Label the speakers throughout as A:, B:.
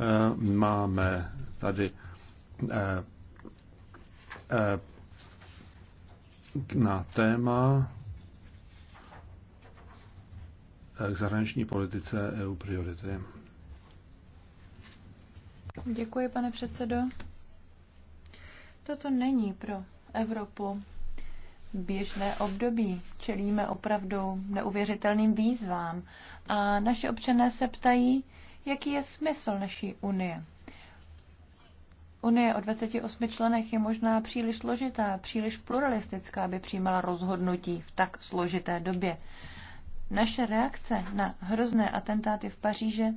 A: Eh, máme tady eh, eh, na téma k zahraniční politice EU priority.
B: Děkuji, pane předsedo. Toto není pro Evropu běžné období. Čelíme opravdu neuvěřitelným výzvám. A naši občané se ptají, jaký je smysl naší unie. Unie o 28 členech je možná příliš složitá, příliš pluralistická, aby přijímala rozhodnutí v tak složité době. Naše reakce na hrozné atentáty v Paříži,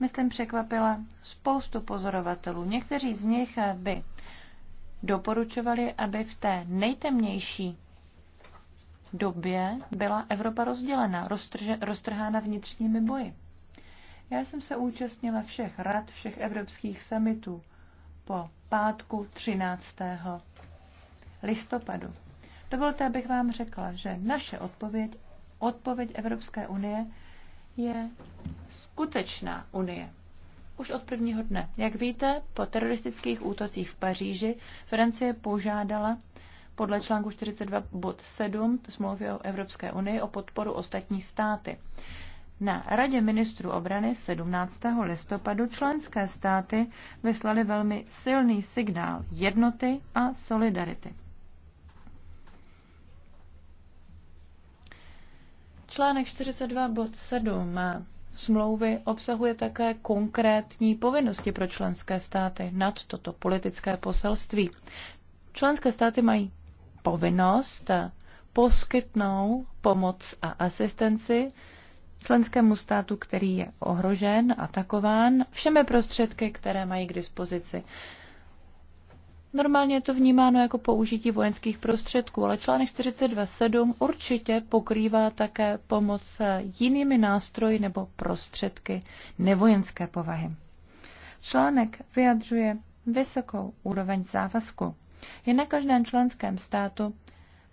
B: myslím, překvapila spoustu pozorovatelů. Někteří z nich by doporučovali, aby v té nejtemnější době byla Evropa rozdělena, roztrhána vnitřními boji. Já jsem se účastnila všech rad, všech evropských summitů po pátku 13. listopadu. Dovolte, abych vám řekla, že naše odpověď, odpověď Evropské unie je skutečná unie. Už od prvního dne. Jak víte, po teroristických útocích v Paříži Francie požádala podle článku 42 bod 7 smlouvy o Evropské unii o podporu ostatní státy. Na Radě ministrů obrany 17. listopadu členské státy vyslaly velmi silný signál jednoty a solidarity. Článek 42 bod 7 smlouvy obsahuje také konkrétní povinnosti pro členské státy nad toto politické poselství. Členské státy mají povinnost poskytnout pomoc a asistenci členskému státu, který je ohrožen, atakován, všemi prostředky, které mají k dispozici. Normálně je to vnímáno jako použití vojenských prostředků, ale článek 42.7 určitě pokrývá také pomoc jinými nástroji nebo prostředky nevojenské povahy. Článek vyjadřuje vysokou úroveň závazku. Je na každém členském státu,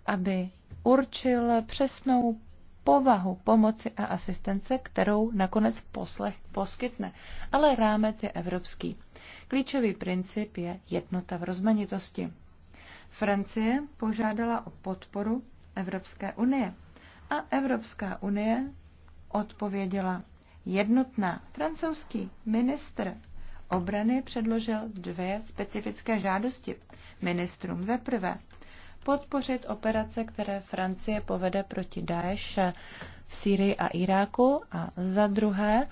B: aby určil přesnou povahu pomoci a asistence, kterou nakonec poslech poskytne. Ale rámec je evropský. Klíčový princip je jednota v rozmanitosti. Francie požádala o podporu Evropské unie a Evropská unie odpověděla jednotná. Francouzský ministr obrany předložil dvě specifické žádosti ministrům. Za prvé, podpořit operace, které Francie povede proti Daesh v Sýrii a Iráku a za druhé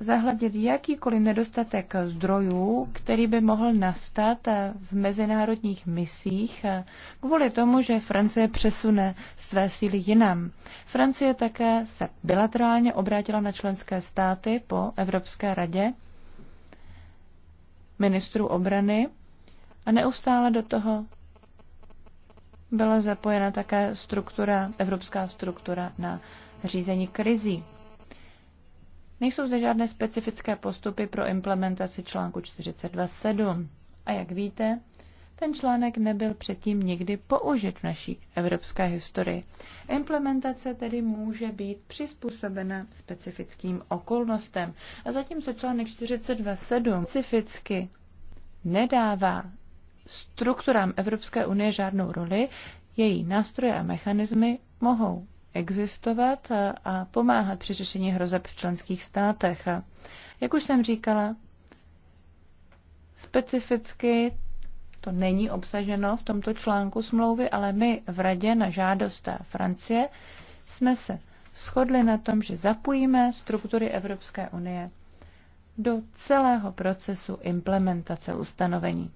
B: zahladit jakýkoliv nedostatek zdrojů, který by mohl nastat v mezinárodních misích kvůli tomu, že Francie přesune své síly jinam. Francie také se bilaterálně obrátila na členské státy po Evropské radě ministrů obrany a neustále do toho byla zapojena také struktura, evropská struktura na řízení krizí. Nejsou zde žádné specifické postupy pro implementaci článku 42.7. A jak víte, ten článek nebyl předtím nikdy použit v naší evropské historii. Implementace tedy může být přizpůsobena specifickým okolnostem. A zatímco článek 42.7 specificky nedává strukturám Evropské unie žádnou roli. Její nástroje a mechanismy mohou existovat a pomáhat při řešení hrozeb v členských státech. A jak už jsem říkala, specificky to není obsaženo v tomto článku smlouvy, ale my v Radě na žádost Francie jsme se shodli na tom, že zapojíme struktury Evropské unie do celého procesu implementace ustanovení.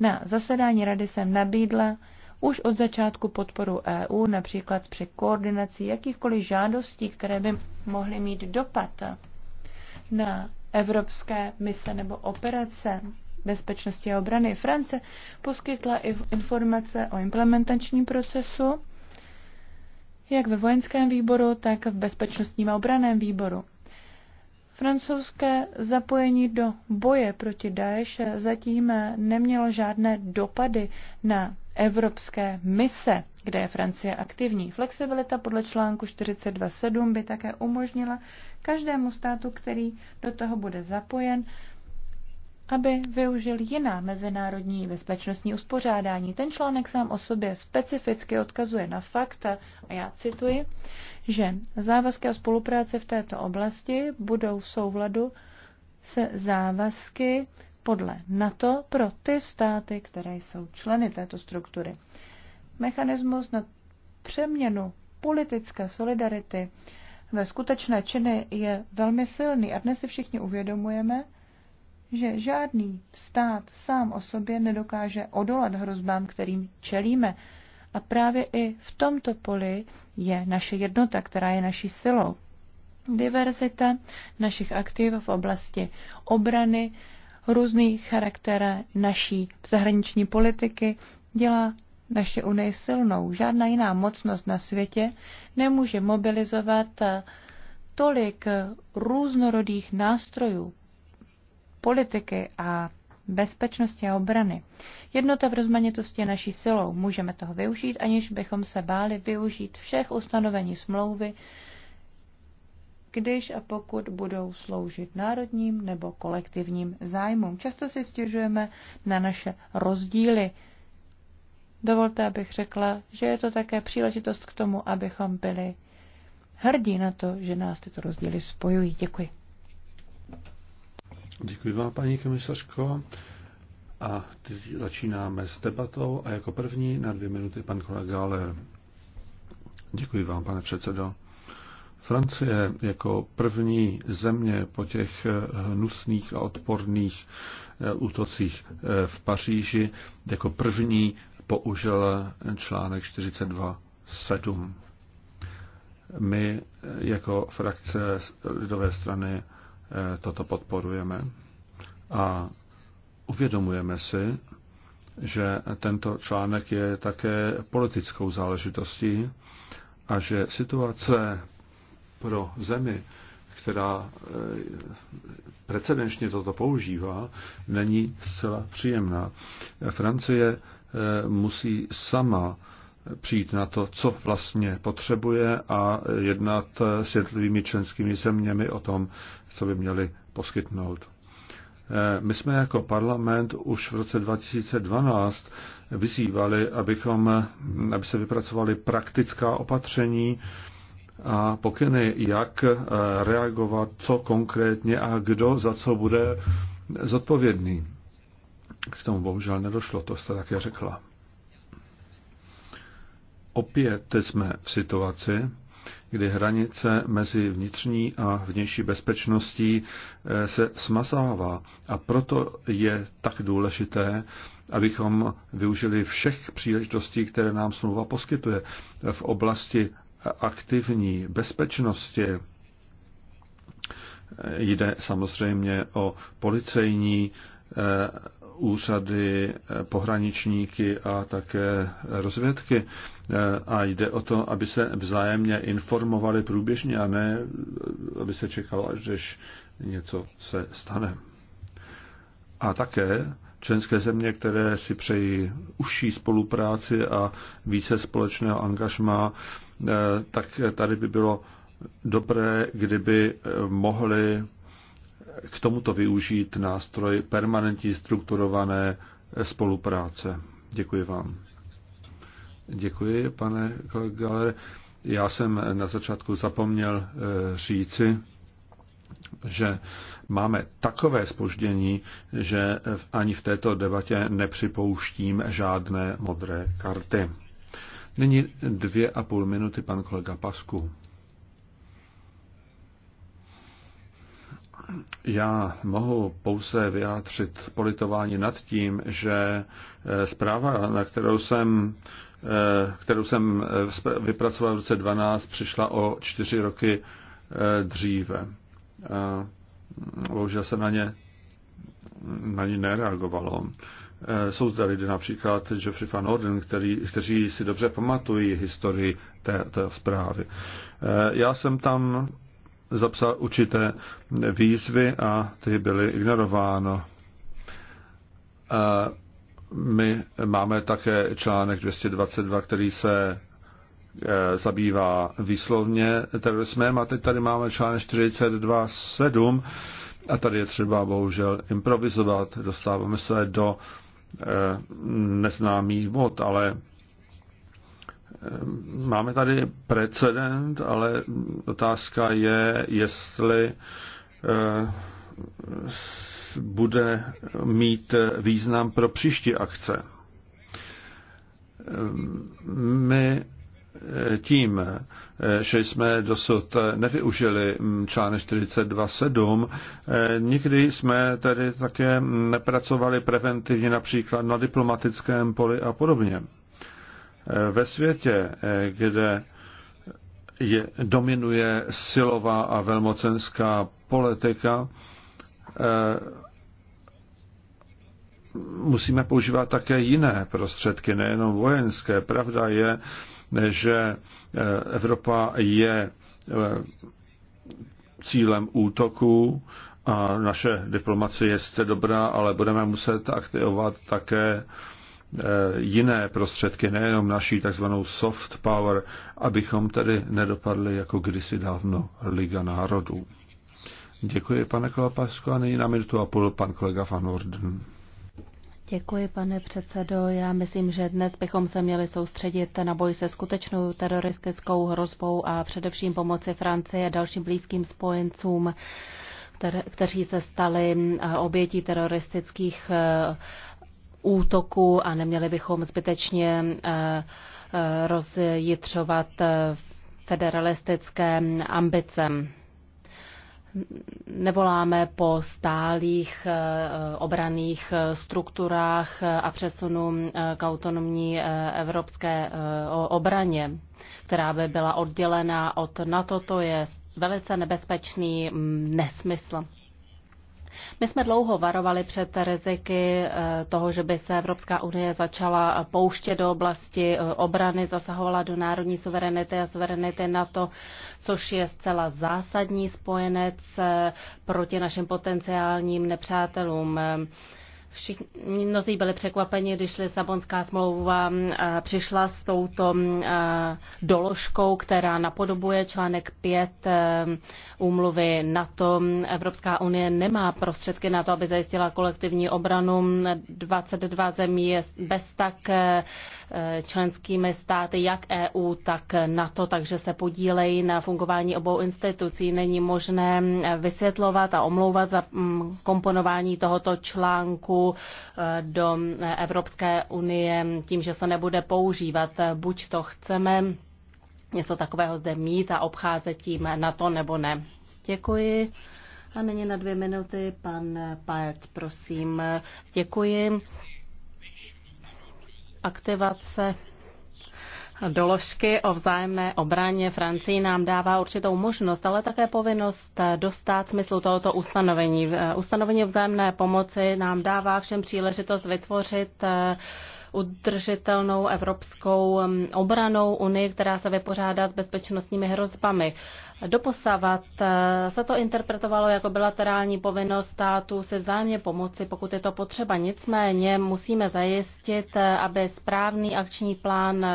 B: Na zasedání rady jsem nabídla už od začátku podporu EU, například při koordinaci jakýchkoliv žádostí, které by mohly mít dopad na evropské mise nebo operace bezpečnosti a obrany. France poskytla i informace o implementačním procesu, jak ve vojenském výboru, tak v bezpečnostním a obraném výboru. Francouzské zapojení do boje proti Daesh zatím nemělo žádné dopady na evropské mise, kde je Francie aktivní. Flexibilita podle článku 42.7 by také umožnila každému státu, který do toho bude zapojen, aby využil jiná mezinárodní bezpečnostní uspořádání. Ten článek sám o sobě specificky odkazuje na fakt, a já cituji, že závazky a spolupráce v této oblasti budou v souvladu se závazky podle NATO pro ty státy, které jsou členy této struktury. Mechanismus na přeměnu politické solidarity ve skutečné činy je velmi silný a dnes si všichni uvědomujeme, že žádný stát sám o sobě nedokáže odolat hrozbám, kterým čelíme. A právě i v tomto poli je naše jednota, která je naší silou. Diverzita našich aktiv v oblasti obrany, různý charakter naší zahraniční politiky dělá naše Unii silnou. Žádná jiná mocnost na světě nemůže mobilizovat tolik různorodých nástrojů politiky a bezpečnosti a obrany. Jednota v rozmanitosti je naší silou. Můžeme toho využít, aniž bychom se báli využít všech ustanovení smlouvy, když a pokud budou sloužit národním nebo kolektivním zájmům. Často si stěžujeme na naše rozdíly. Dovolte, abych řekla, že je to také příležitost k tomu, abychom byli hrdí na to, že nás tyto rozdíly spojují. Děkuji.
A: Děkuji vám, paní komisařko. A teď začínáme s debatou a jako první na dvě minuty pan kolega Galer. Děkuji vám, pane předsedo. Francie jako první země po těch hnusných a odporných eh, útocích eh, v Paříži jako první použil článek 42.7. My eh, jako frakce lidové strany Eh, toto podporujeme a uvědomujeme si, že tento článek je také politickou záležitostí a že situace pro zemi, která eh, precedenčně toto používá, není zcela příjemná. Francie eh, musí sama přijít na to, co vlastně potřebuje a jednat s jednotlivými členskými zeměmi o tom, co by měli poskytnout. Eh, my jsme jako parlament už v roce 2012 vyzývali, abychom, aby se vypracovali praktická opatření a pokyny, jak eh, reagovat, co konkrétně a kdo za co bude zodpovědný. K tomu bohužel nedošlo, to jste také řekla. Opět jsme v situaci, kdy hranice mezi vnitřní a vnější bezpečností eh, se smazává. A proto je tak důležité, abychom využili všech příležitostí, které nám smlouva poskytuje v oblasti aktivní bezpečnosti. Eh, jde samozřejmě o policejní eh, úřady, pohraničníky a také rozvědky. A jde o to, aby se vzájemně informovali průběžně a ne, aby se čekalo, až když něco se stane. A také členské země, které si přejí užší spolupráci a více společného angažma, eh, tak tady by bylo dobré, kdyby mohly k tomuto využít nástroj permanentní strukturované spolupráce. Děkuji vám. Děkuji, pane Galer. Já jsem na začátku zapomněl eh, říci, že máme takové spoždění, že ani v této debatě nepřipouštím žádné modré karty. Nyní dvě a půl minuty pan kolega Pasku. Já mohu pouze vyjádřit politování nad tím, že eh, zpráva, na kterou jsem, eh, kterou jsem eh, vypracoval v roce 12, přišla o čtyři roky dříve. Mm, bohužel se na ně mm, na ní nereagovalo. Jsou zde lidé například Jeffrey van Orden, který, kteří si dobře pamatují historii té, té zprávy. Já jsem tam zapsal určité výzvy a ty byly ignorováno. My máme také článek 222, který se e, zabývá výslovně terorismem a teď tady máme článek 42.7 a tady je třeba bohužel improvizovat, dostáváme se do e, neznámých vod, ale Ehm, máme tady precedent, ale otázka je, jestli eh, bude mít význam pro příští akce. Ehm, my eh, tím, eh, že jsme dosud nevyužili článek 42.7, nikdy jsme tedy také nepracovali preventivně například na diplomatickém poli a podobně. Eh, ve světě, eh, kde je, dominuje silová a velmocenská politika, eh, musíme používat také jiné prostředky, nejenom vojenské. Pravda je, že Evropa je cílem útoků a naše diplomacie je dobrá, ale budeme muset aktivovat také Eh, jiné prostředky, nejenom naší takzvanou soft power, abychom tedy nedopadli jako kdysi dávno Liga národů. Děkuji, pane Kolapasko, a nyní na minutu a půl pan kolega Van Orden.
C: Děkuji, pane předsedo. Já myslím, že dnes bychom se měli soustředit na boj se skutečnou teroristickou hrozbou a především pomoci Francie a dalším blízkým spojencům, které, kteří se stali eh, obětí teroristických eh, útoku a neměli bychom zbytečně eh, eh, rozjitřovat eh, federalistické ambice. Nevoláme po stálých obraných strukturách a přesunu k autonomní evropské obraně, která by byla oddělená od NATO. To je velice nebezpečný mm, nesmysl. My jsme dlouho varovali před riziky eh, toho, že by se Evropská unie začala pouštět do oblasti eh, obrany, zasahovala do národní suverenity a suverenity NATO, což je zcela zásadní spojenec eh, proti našim potenciálním nepřátelům. Všichni mnozí byli překvapeni, když Lisabonská smlouva eh, přišla s touto eh, doložkou, která napodobuje článek 5 eh, úmluvy NATO. Evropská unie nemá prostředky na to, aby zajistila kolektivní obranu. 22 zemí je bez tak členskými státy, jak EU, tak NATO, takže se podílejí na fungování obou institucí. Není možné vysvětlovat a omlouvat za mm, komponování tohoto článku Eh, do Evropské unie tím, že se nebude používat. Buď to chceme něco takového zde mít a obcházet tím na to nebo ne. Děkuji. A nyní na dvě minuty pan Paet, prosím. Děkuji. Aktivace doložky o vzájemné obraně Francii nám dává určitou možnost, ale také povinnost dostat smysl tohoto ustanovení. Eh, ustanovení o vzájemné pomoci nám dává všem příležitost vytvořit eh, udržitelnou evropskou mm, obranou unii, která se vypořádá s bezpečnostními hrozbami. Doposavat se to interpretovalo jako bilaterální povinnost státu se vzájemně pomoci, pokud je to potřeba. Nicméně musíme zajistit, aby správný akční plán,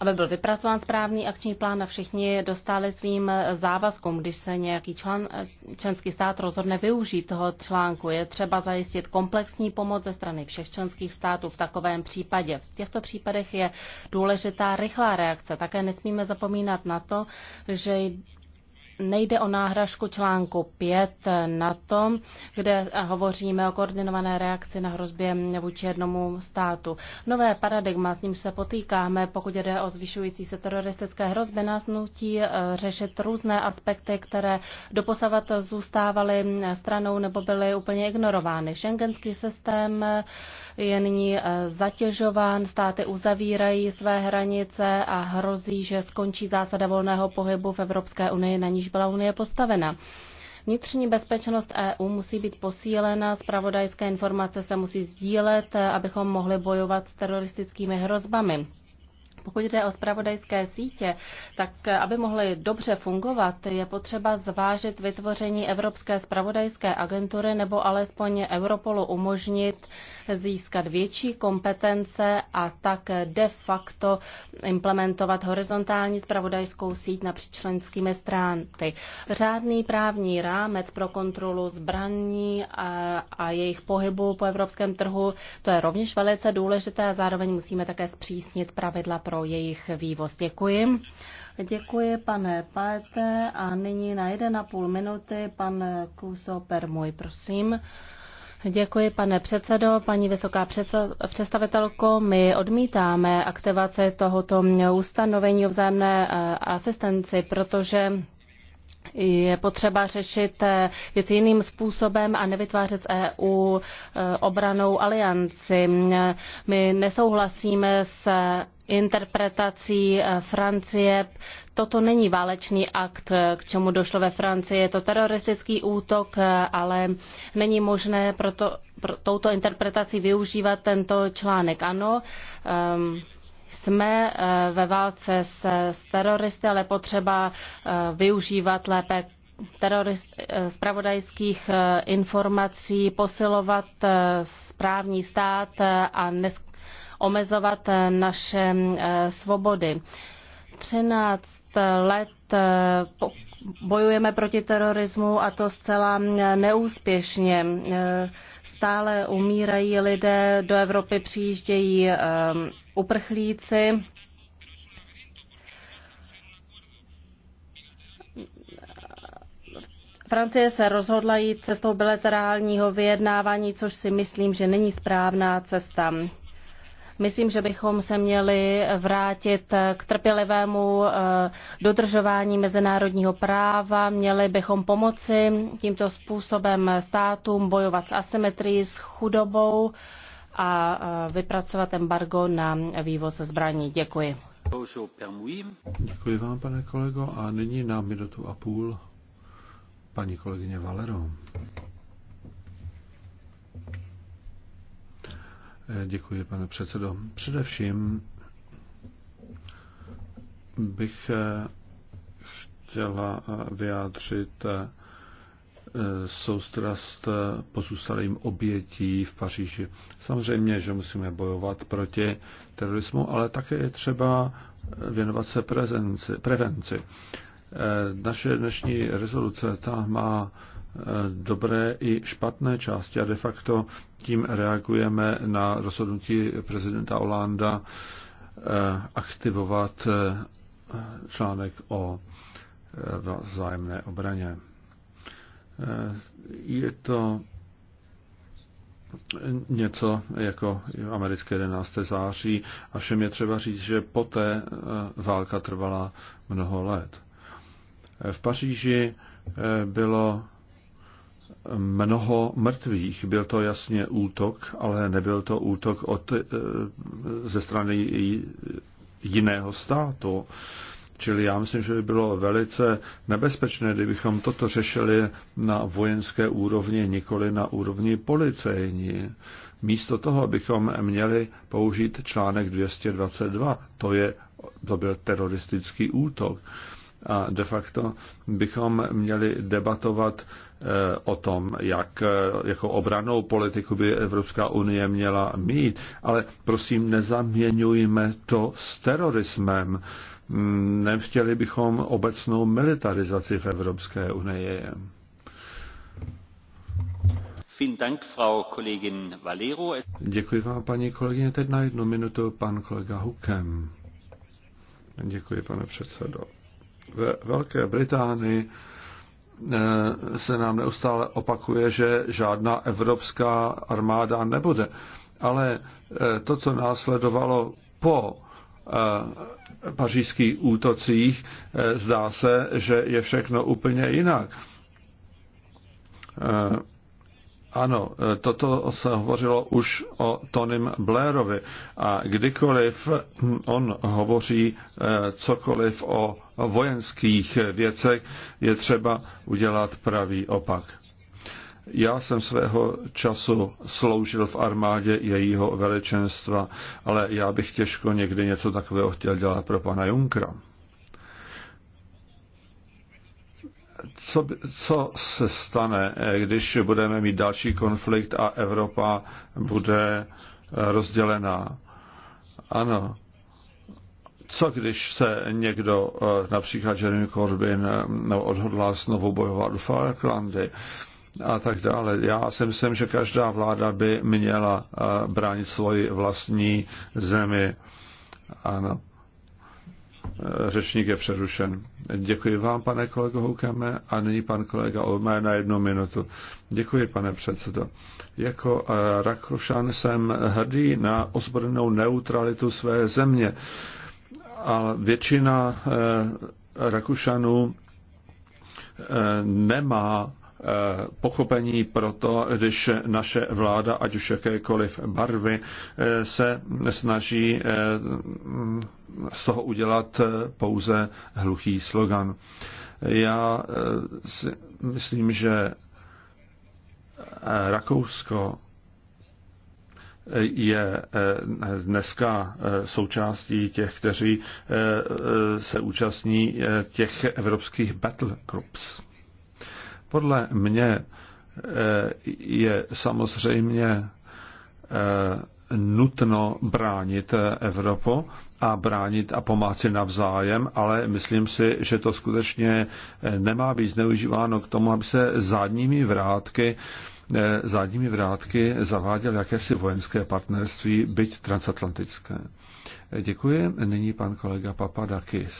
C: aby byl vypracován správný akční plán a všichni dostali svým závazkům, když se nějaký člen, členský stát rozhodne využít toho článku. Je třeba zajistit komplexní pomoc ze strany všech členských států v takovém případě. V těchto případech je důležitá rychlá reakce. Také nesmíme zapomínat na to, že nejde o náhražku článku 5 na tom, kde hovoříme o koordinované reakci na hrozbě vůči jednomu státu. Nové paradigma, s ním se potýkáme, pokud jde o zvyšující se teroristické hrozby, nás nutí eh, řešit různé aspekty, které doposavat zůstávaly stranou nebo byly úplně ignorovány. Schengenský systém je nyní eh, zatěžován, státy uzavírají své hranice a hrozí, že skončí zásada volného pohybu v Evropské unii, na níž byla unie postavena. Vnitřní bezpečnost EU musí být posílena, zpravodajské informace se musí sdílet, eh, abychom mohli bojovat s teroristickými hrozbami. Pokud jde o spravodajské sítě, tak eh, aby mohly dobře fungovat, je potřeba zvážit vytvoření Evropské spravodajské agentury nebo alespoň Europolu umožnit získat větší kompetence a tak de facto implementovat horizontální spravodajskou síť napříč členskými stránky. Řádný právní rámec pro kontrolu zbraní a, a jejich pohybu po evropském trhu, to je rovněž velice důležité a zároveň musíme také zpřísnit pravidla pro jejich vývoz. Děkuji. Děkuji, pane Pajte. A nyní na 1,5 minuty pan Kuso Permuj, prosím. Děkuji, pane předsedo. Paní vysoká představitelko, my odmítáme aktivaci tohoto ustanovení o vzájemné eh, asistenci, protože je potřeba řešit eh, věci jiným způsobem a nevytvářet z EU eh, obranou alianci. My nesouhlasíme s interpretací eh, Francie. Toto není válečný akt, eh, k čemu došlo ve Francii. Je to teroristický útok, eh, ale není možné proto, pro touto interpretací využívat tento článek. Ano, um, jsme ve válce s, s teroristy, ale potřeba využívat lépe terorist, spravodajských informací, posilovat správní stát a nes, omezovat naše eh, svobody. 13 let eh, bojujeme proti terorismu a to zcela eh, neúspěšně. Stále umírají lidé, do Evropy přijíždějí uprchlíci. Francie se rozhodla jít cestou bilaterálního vyjednávání, což si myslím, že není správná cesta. Myslím, že bychom se měli vrátit k trpělivému eh, dodržování mezinárodního práva, měli bychom pomoci tímto způsobem státům bojovat s asymetrií, s chudobou a eh, vypracovat embargo na vývoz zbraní. Děkuji.
A: Děkuji vám, pane kolego. A nyní na minutu a půl paní kolegyně Valero. Děkuji, pane předsedo. Především bych eh, chtěla eh, vyjádřit eh, soustrast pozůstalým obětí v Paříži. Samozřejmě, že musíme bojovat proti terorismu, ale také je třeba věnovat se prezenci, prevenci. Naše dnešní rezoluce ta má dobré i špatné části a de facto tím reagujeme na rozhodnutí prezidenta Olanda eh, aktivovat eh, článek o eh, vzájemné obraně. Je to něco jako americké 11. září a všem je třeba říct, že poté válka trvala mnoho let. V Paříži bylo mnoho mrtvých. Byl to jasně útok, ale nebyl to útok od, eh, ze strany jiného státu. Čili já myslím, že by bylo velice nebezpečné, kdybychom toto řešili na vojenské úrovni, nikoli na úrovni policejní. Místo toho, bychom měli použít článek 222, to, je, to byl teroristický útok a de facto bychom měli debatovat eh, o tom, jak jako obranou politiku by Evropská unie měla mít, ale prosím nezaměňujme to s terorismem. Mm, nechtěli bychom obecnou militarizaci v Evropské unii. Děkuji vám, paní kolegyně. Teď na jednu minutu pan kolega Hukem. Děkuji, pane předsedo. Ve Velké Británii eh, se nám neustále opakuje, že žádná evropská armáda nebude. Ale eh, to, co následovalo po eh, pařížských útocích, zdá se, že je všechno úplně jinak ano, e, toto se hovořilo už o Tonym Blairovi a kdykoliv on hovoří e, cokoliv o vojenských věcech, je třeba udělat pravý opak. Já jsem svého času sloužil v armádě jejího veličenstva, ale já bych těžko někdy něco takového chtěl dělat pro pana Junkra. co, co se stane, eh, když budeme mít další konflikt a Evropa bude eh, rozdělená. Ano. Co když se někdo, eh, například Jeremy Corbyn, no, odhodlá znovu bojovat do Falklandy a tak dále. Já si myslím, že každá vláda by měla bránit svoji vlastní zemi. Ano. Řečník je přerušen. Děkuji vám, pane kolego Houkeme, a nyní pan kolega Olmé na jednu minutu. Děkuji, pane předsedo. Jako eh, Rakušan jsem hrdý na ozbrojenou neutralitu své země. A většina eh, Rakušanů eh, nemá Eh, pochopení pro to, když naše vláda, ať už jakékoliv barvy, eh, se snaží eh, z toho udělat pouze hluchý slogan. Já si myslím, že Rakousko je dneska součástí těch, kteří se účastní těch evropských battle groups. Podle mě eh, je samozřejmě eh, nutno bránit eh, Evropu a bránit a pomáci navzájem, ale myslím si, že to skutečně nemá být zneužíváno k tomu, aby se zadními vrátky zadními vrátky zaváděl jakési vojenské partnerství, byť transatlantické. Děkuji. Nyní pan kolega Papadakis.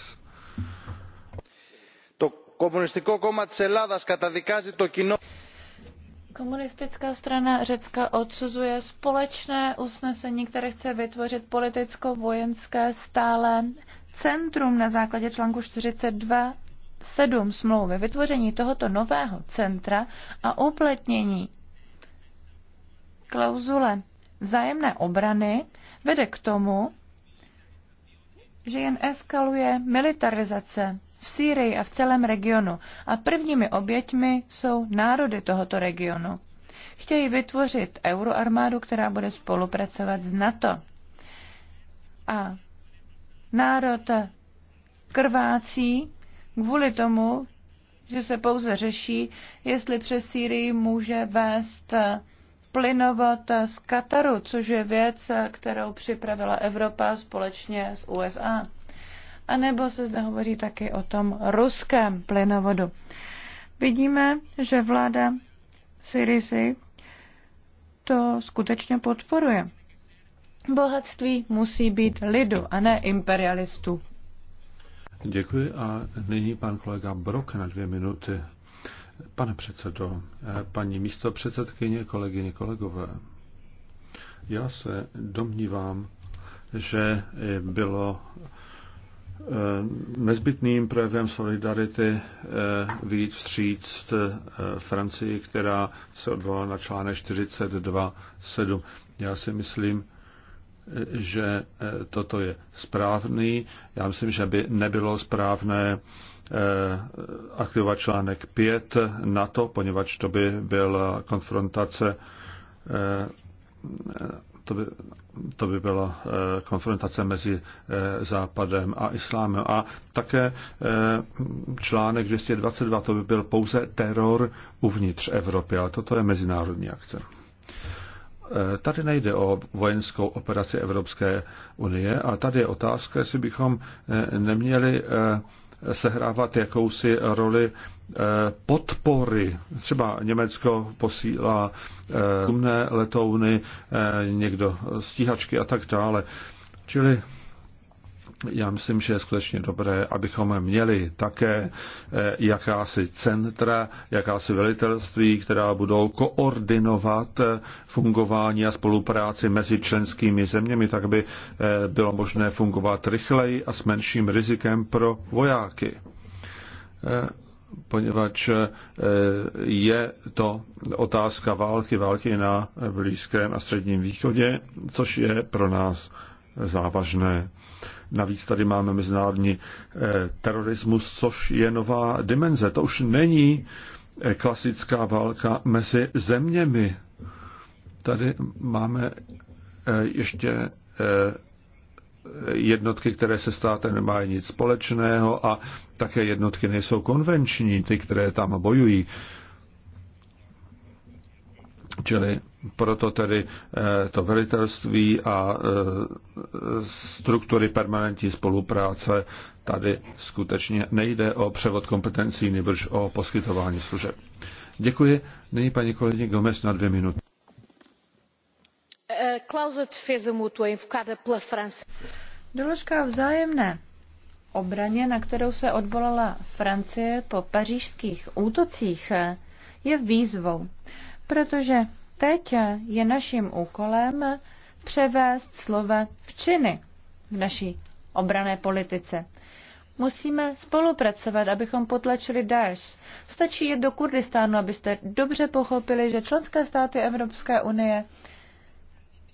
B: Komunistické Komunistická strana Řecka odsuzuje společné usnesení, které chce vytvořit politicko-vojenské stále centrum na základě článku 42 smlouvy. Vytvoření tohoto nového centra a uplatnění klauzule vzájemné obrany vede k tomu, že jen eskaluje militarizace v Sýrii a v celém regionu a prvními oběťmi jsou národy tohoto regionu. Chtějí vytvořit euroarmádu, která bude spolupracovat s NATO. A národ krvácí kvůli tomu, že se pouze řeší, jestli přes Sýrii může vést plynovat z Kataru, což je věc, kterou připravila Evropa společně s USA anebo se zde hovoří taky o tom ruském plynovodu. Vidíme, že vláda Syrisy to skutečně podporuje. Bohatství musí být lidu a ne imperialistů.
A: Děkuji a nyní pan kolega Brok na dvě minuty. Pane předsedo, paní místo předsedkyně, kolegyně, kolegové, já se domnívám, že bylo Eh, nezbytným projevem solidarity eh, víc vstříc eh, Francii, která se odvolala na článek 42.7. Já si myslím, že toto je správný. Já myslím, že by nebylo správné aktivovat článek 5 NATO, poněvadž to by byla konfrontace to by, to by byla eh, konfrontace mezi eh, Západem a Islámem. A také eh, článek 222, to by byl pouze teror uvnitř Evropy, ale toto je mezinárodní akce. Tady nejde o vojenskou operaci Evropské unie a tady je otázka, jestli bychom neměli sehrávat jakousi roli Eh, podpory. Třeba Německo posílá eh, umné letouny, eh, někdo stíhačky a tak dále. Čili já myslím, že je skutečně dobré, abychom měli také jakási centra, jakási velitelství, která budou koordinovat fungování a spolupráci mezi členskými zeměmi, tak by bylo možné fungovat rychleji a s menším rizikem pro vojáky poněvadž eh, je to otázka války, války na Blízkém a Středním východě, což je pro nás závažné. Navíc tady máme mezinárodní eh, terorismus, což je nová dimenze. To už není eh, klasická válka mezi zeměmi. Tady máme ještě jednotky, které se státem nemají nic společného a také jednotky nejsou konvenční, ty, které tam bojují. Čili proto tedy eh, to velitelství a eh, struktury permanentní spolupráce tady skutečně nejde o převod kompetencí, nebož o poskytování služeb. Děkuji. Nyní paní kolegyně Gomez na dvě minuty.
B: Doložka o vzájemné obraně, na kterou se odvolala Francie po pařížských útocích, je výzvou, protože teď je naším úkolem převést slova v činy v naší obrané politice. Musíme spolupracovat, abychom potlačili Daesh. Stačí jít do Kurdistánu, abyste dobře pochopili, že členské státy Evropské unie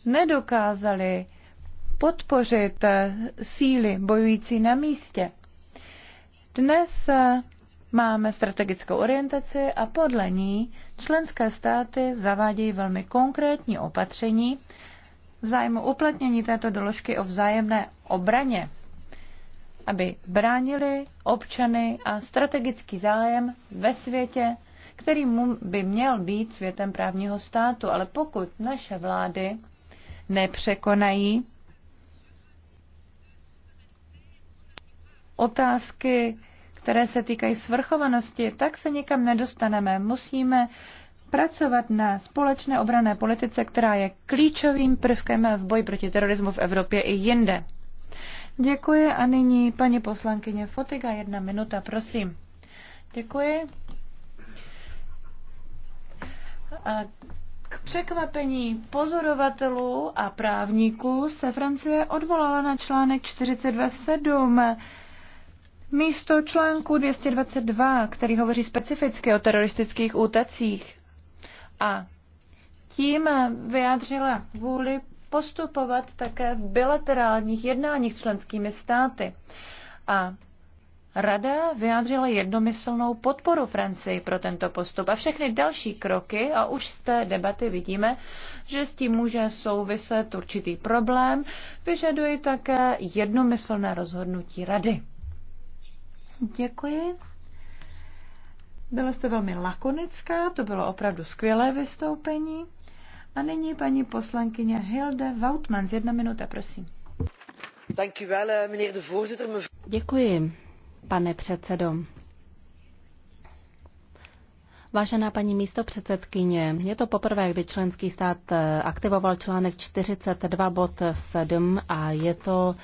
B: nedokázali podpořit síly bojující na místě. Dnes máme strategickou orientaci a podle ní členské státy zavádějí velmi konkrétní opatření v zájmu uplatnění této doložky o vzájemné obraně, aby bránili občany a strategický zájem ve světě, který by měl být světem právního státu. Ale pokud naše vlády nepřekonají. Otázky, které se týkají svrchovanosti, tak se nikam nedostaneme. Musíme pracovat na společné obrané politice, která je klíčovým prvkem v boji proti terorismu v Evropě i jinde. Děkuji a nyní paní poslankyně Fotiga, jedna minuta, prosím. Děkuji. A k překvapení pozorovatelů a právníků se Francie odvolala na článek 42.7 místo článku 222, který hovoří specificky o teroristických útacích. A tím vyjádřila vůli postupovat také v bilaterálních jednáních s členskými státy. A Rada vyjádřila jednomyslnou podporu Francii pro tento postup a všechny další kroky, a už z té debaty vidíme, že s tím může souviset určitý problém, vyžaduje také jednomyslné rozhodnutí Rady. Děkuji. Byla jste velmi lakonická, to bylo opravdu skvělé vystoupení. A nyní paní poslankyně Hilde z jedna minuta, prosím.
A: Eh,
B: Děkuji pane předsedo.
C: Vážená paní místo předsedkyně, je to poprvé, kdy členský stát eh, aktivoval článek 42 bod 7 a je to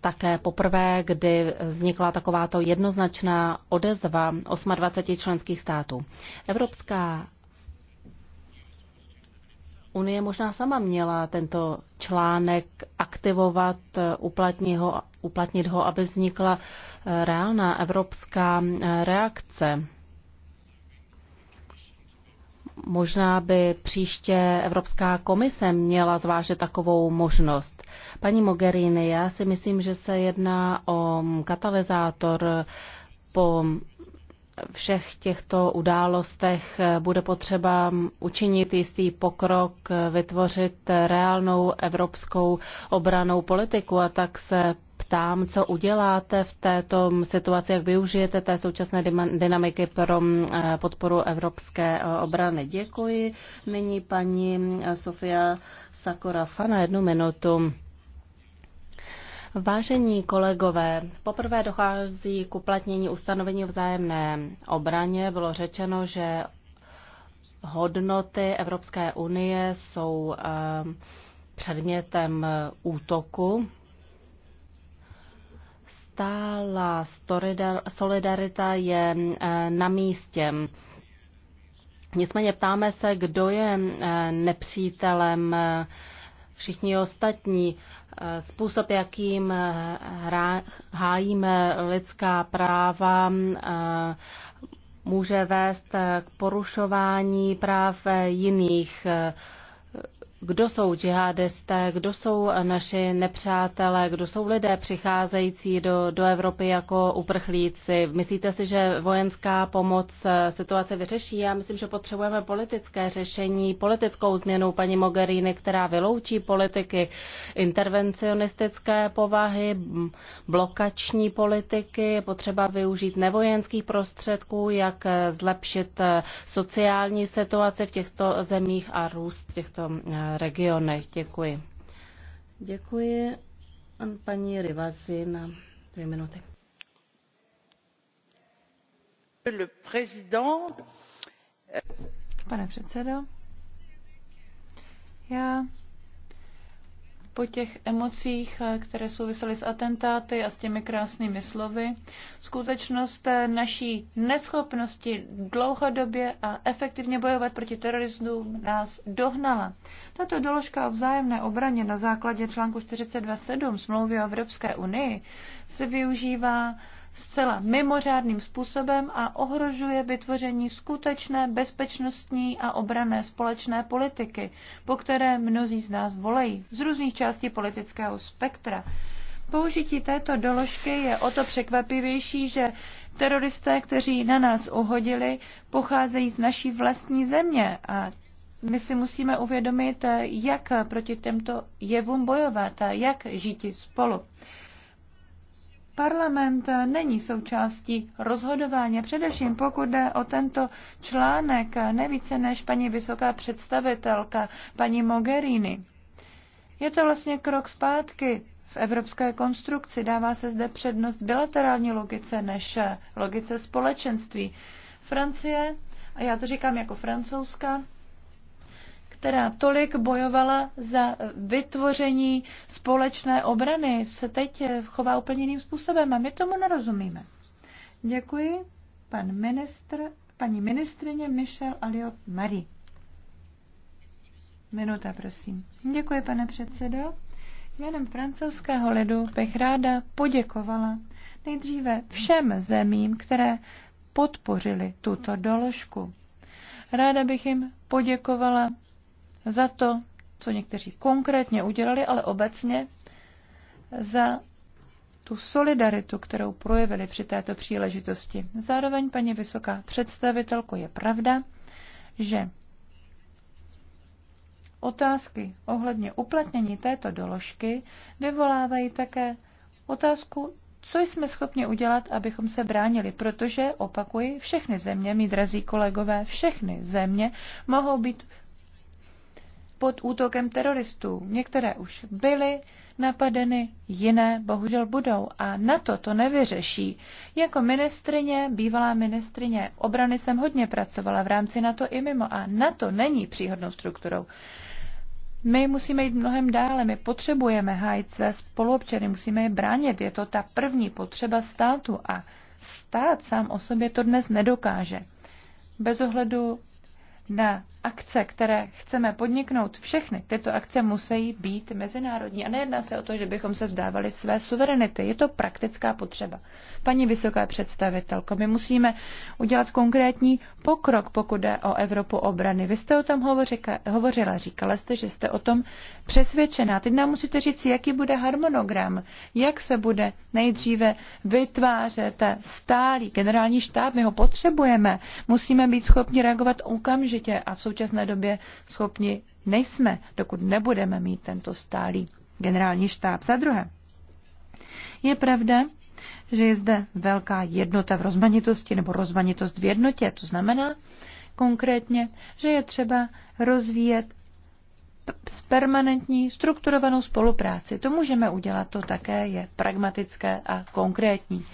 C: také poprvé, kdy vznikla takováto jednoznačná odezva 28 členských států. Evropská Unie možná sama měla tento článek aktivovat, uplatnit ho, uplatnit ho aby vznikla eh, reálná evropská eh, reakce. Možná by příště Evropská komise měla zvážit takovou možnost. Paní Mogherini, já si myslím, že se jedná o katalyzátor eh, po všech těchto událostech bude potřeba učinit jistý pokrok, vytvořit reálnou evropskou obranou politiku a tak se ptám, co uděláte v této situaci, jak využijete té současné dynamiky pro mm, eh, podporu evropské eh, obrany. Děkuji. Nyní paní eh, Sofia Sakora na jednu minutu. Vážení kolegové, poprvé dochází k uplatnění ustanovení o vzájemné obraně. Bylo řečeno, že hodnoty Evropské unie jsou eh, předmětem útoku. Stála solidarita je eh, na místě. Nicméně ptáme se, kdo je eh, nepřítelem všichni ostatní. Eh, způsob, jakým eh, hra, hájíme lidská práva, eh, může vést k porušování práv jiných kdo jsou džihadisté, kdo jsou naši nepřátelé, kdo jsou lidé přicházející do, do Evropy jako uprchlíci. Myslíte si, že vojenská pomoc situace vyřeší? Já myslím, že potřebujeme politické řešení, politickou změnu paní Mogherini, která vyloučí politiky intervencionistické povahy, blokační politiky, potřeba využít nevojenských prostředků, jak zlepšit sociální situaci v těchto zemích a růst těchto eh, regionech. Děkuji. Děkuji paní Rivazi na
B: dvě minuty. Pane předsedo, já po těch emocích, které souvisely s atentáty a s těmi krásnými slovy, skutečnost naší neschopnosti dlouhodobě a efektivně bojovat proti terorismu nás dohnala. Tato doložka o vzájemné obraně na základě článku 42.7 smlouvy o Evropské unii se využívá zcela mimořádným způsobem a ohrožuje vytvoření skutečné bezpečnostní a obrané společné politiky, po které mnozí z nás volejí z různých částí politického spektra. Použití této doložky je o to překvapivější, že teroristé, kteří na nás uhodili, pocházejí z naší vlastní země a my si musíme uvědomit, eh, jak proti těmto jevům bojovat a jak žít spolu. Parlament eh, není součástí rozhodování, především pokud jde o tento článek, eh, nevíce než paní vysoká představitelka, paní Mogherini. Je to vlastně krok zpátky v evropské konstrukci. Dává se zde přednost bilaterální logice než logice společenství. Francie, a já to říkám jako francouzska, která tolik bojovala za vytvoření společné obrany, se teď chová úplně jiným způsobem a my tomu nerozumíme. Děkuji, pan ministr, paní ministrině Michel Aliot Marie. Minuta, prosím. Děkuji, pane předsedo. Jménem francouzského lidu bych ráda poděkovala nejdříve všem zemím, které podpořili tuto doložku. Ráda bych jim poděkovala za to, co někteří konkrétně udělali, ale obecně za tu solidaritu, kterou projevili při této příležitosti. Zároveň, paní vysoká představitelko, je pravda, že otázky ohledně uplatnění této doložky vyvolávají také otázku, co jsme schopni udělat, abychom se bránili, protože, opakuji, všechny země, mý drazí kolegové, všechny země mohou být pod útokem teroristů. Některé už byly napadeny, jiné bohužel budou. A na to to nevyřeší. Jako ministrině, bývalá ministrině obrany jsem hodně pracovala v rámci NATO i mimo a na to není příhodnou strukturou. My musíme jít mnohem dále, my potřebujeme hájit své spoluobčany, musíme je bránit. Je to ta první potřeba státu a stát sám o sobě to dnes nedokáže. Bez ohledu na akce, které chceme podniknout, všechny tyto akce musí být mezinárodní. A nejedná se o to, že bychom se vzdávali své suverenity. Je to praktická potřeba. Paní vysoká představitelko, my musíme udělat konkrétní pokrok, pokud jde o Evropu obrany. Vy jste o tom hovořila, říkala jste, že jste o tom přesvědčená. Teď nám musíte říct, jaký bude harmonogram, jak se bude nejdříve vytvářet stálý generální štáb. My ho potřebujeme. Musíme být schopni reagovat okamžitě a v současnosti současné době schopni nejsme, dokud nebudeme mít tento stálý generální štáb. Za druhé, je pravda, že je zde velká jednota v rozmanitosti nebo rozmanitost v jednotě. To znamená konkrétně, že je třeba rozvíjet s permanentní strukturovanou spolupráci. To můžeme udělat, to také je pragmatické a konkrétní.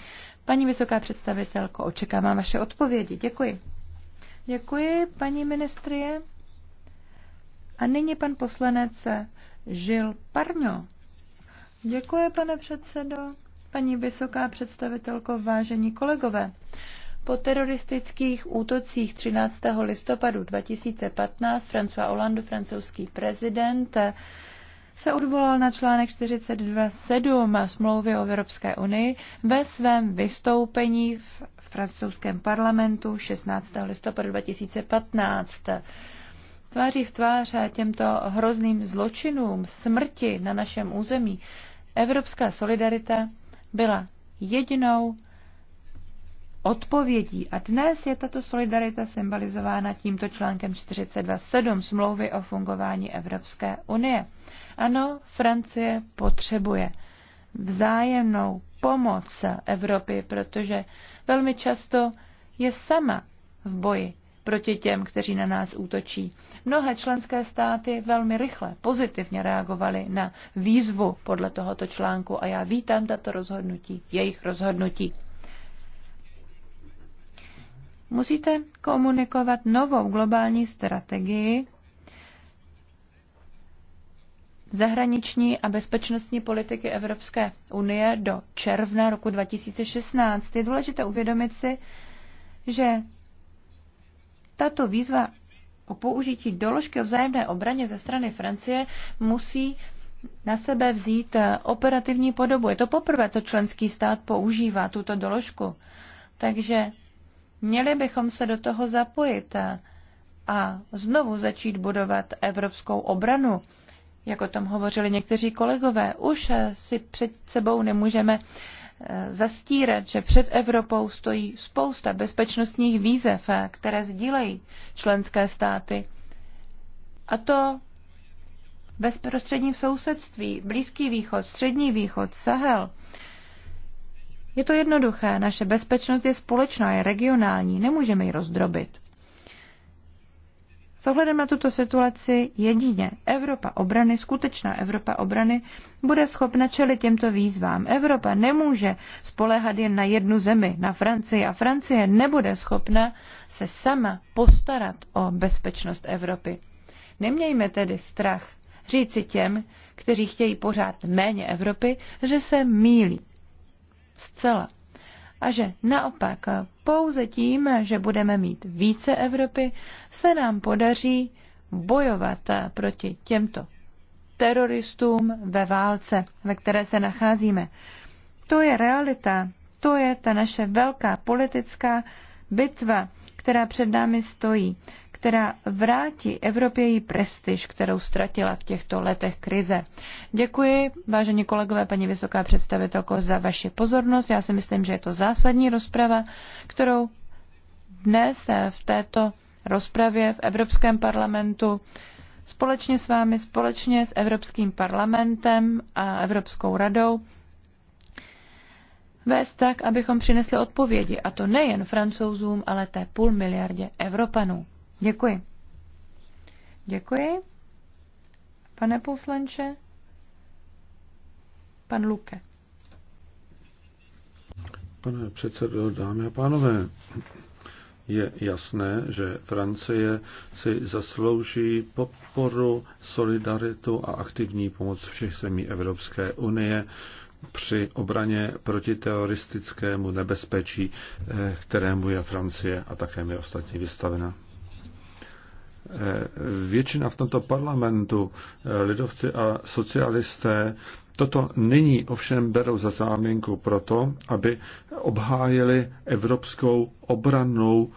B: Paní vysoká představitelko, očekávám vaše odpovědi. Děkuji. Děkuji, paní ministrie. A nyní pan poslanec Žil Parňo. Děkuji, pane předsedo. Paní vysoká představitelko, vážení kolegové. Po teroristických útocích 13. listopadu 2015 François Hollande, francouzský prezident, se odvolal na článek 42.7 smlouvy o Evropské unii ve svém vystoupení v francouzském parlamentu 16. listopadu 2015. Tváří v tvář těmto hrozným zločinům smrti na našem území evropská solidarita byla jedinou odpovědí. A dnes je tato solidarita symbolizována tímto článkem 42.7 smlouvy o fungování Evropské unie. Ano, Francie potřebuje vzájemnou pomoc Evropy, protože velmi často je sama v boji proti těm, kteří na nás útočí. Mnohé členské státy velmi rychle, pozitivně reagovaly na výzvu podle tohoto článku a já vítám tato rozhodnutí, jejich rozhodnutí. Musíte komunikovat novou globální strategii zahraniční a bezpečnostní politiky Evropské unie do června roku 2016. Je důležité uvědomit si, že tato výzva o použití doložky o vzájemné obraně ze strany Francie musí na sebe vzít eh, operativní podobu. Je to poprvé, co členský stát používá tuto doložku. Takže měli bychom se do toho zapojit eh, a znovu začít budovat evropskou obranu jak o tom hovořili někteří kolegové. Už eh, si před sebou nemůžeme eh, zastírat, že před Evropou stojí spousta bezpečnostních výzev, eh, které sdílejí členské státy. A to bezprostřední v sousedství, Blízký východ, Střední východ, Sahel. Je to jednoduché, naše bezpečnost je společná, je regionální, nemůžeme ji rozdrobit. S ohledem na tuto situaci jedině Evropa obrany, skutečná Evropa obrany, bude schopna čelit těmto výzvám. Evropa nemůže spolehat jen na jednu zemi, na Francii, a Francie nebude schopna se sama postarat o bezpečnost Evropy. Nemějme tedy strach říci těm, kteří chtějí pořád méně Evropy, že se mílí. Zcela a že naopak pouze tím, že budeme mít více Evropy, se nám podaří bojovat proti těmto teroristům ve válce, ve které se nacházíme. To je realita, to je ta naše velká politická bitva, která před námi stojí která vrátí Evropě její prestiž, kterou ztratila v těchto letech krize. Děkuji, vážení kolegové, paní vysoká představitelko, za vaši pozornost. Já si myslím, že je to zásadní rozprava, kterou dnes v této rozpravě v Evropském parlamentu společně s vámi, společně s Evropským parlamentem a Evropskou radou vést tak, abychom přinesli odpovědi, a to nejen francouzům, ale té půl miliardě Evropanů. Děkuji. Děkuji. Pane poslanče, pan Luke.
A: Pane předsedo, dámy a pánové, je jasné, že Francie si zaslouží podporu, solidaritu a aktivní pomoc všech zemí Evropské unie při obraně proti teroristickému nebezpečí, eh, kterému je Francie a také mi ostatní vystavena. Eh, většina v tomto parlamentu, eh, lidovci a socialisté, toto nyní ovšem berou za záminku proto, aby obhájili evropskou obrannou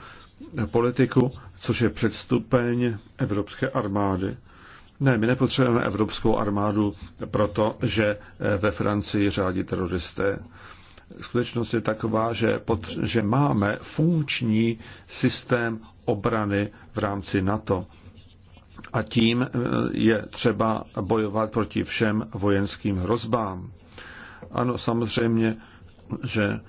A: eh, politiku, což je předstupeň evropské armády. Ne, my nepotřebujeme evropskou armádu proto, že ve Francii řádí teroristé skutečnost je taková, že, potř- že máme funkční systém obrany v rámci NATO. A tím e, je třeba bojovat proti všem vojenským hrozbám. Ano, samozřejmě, že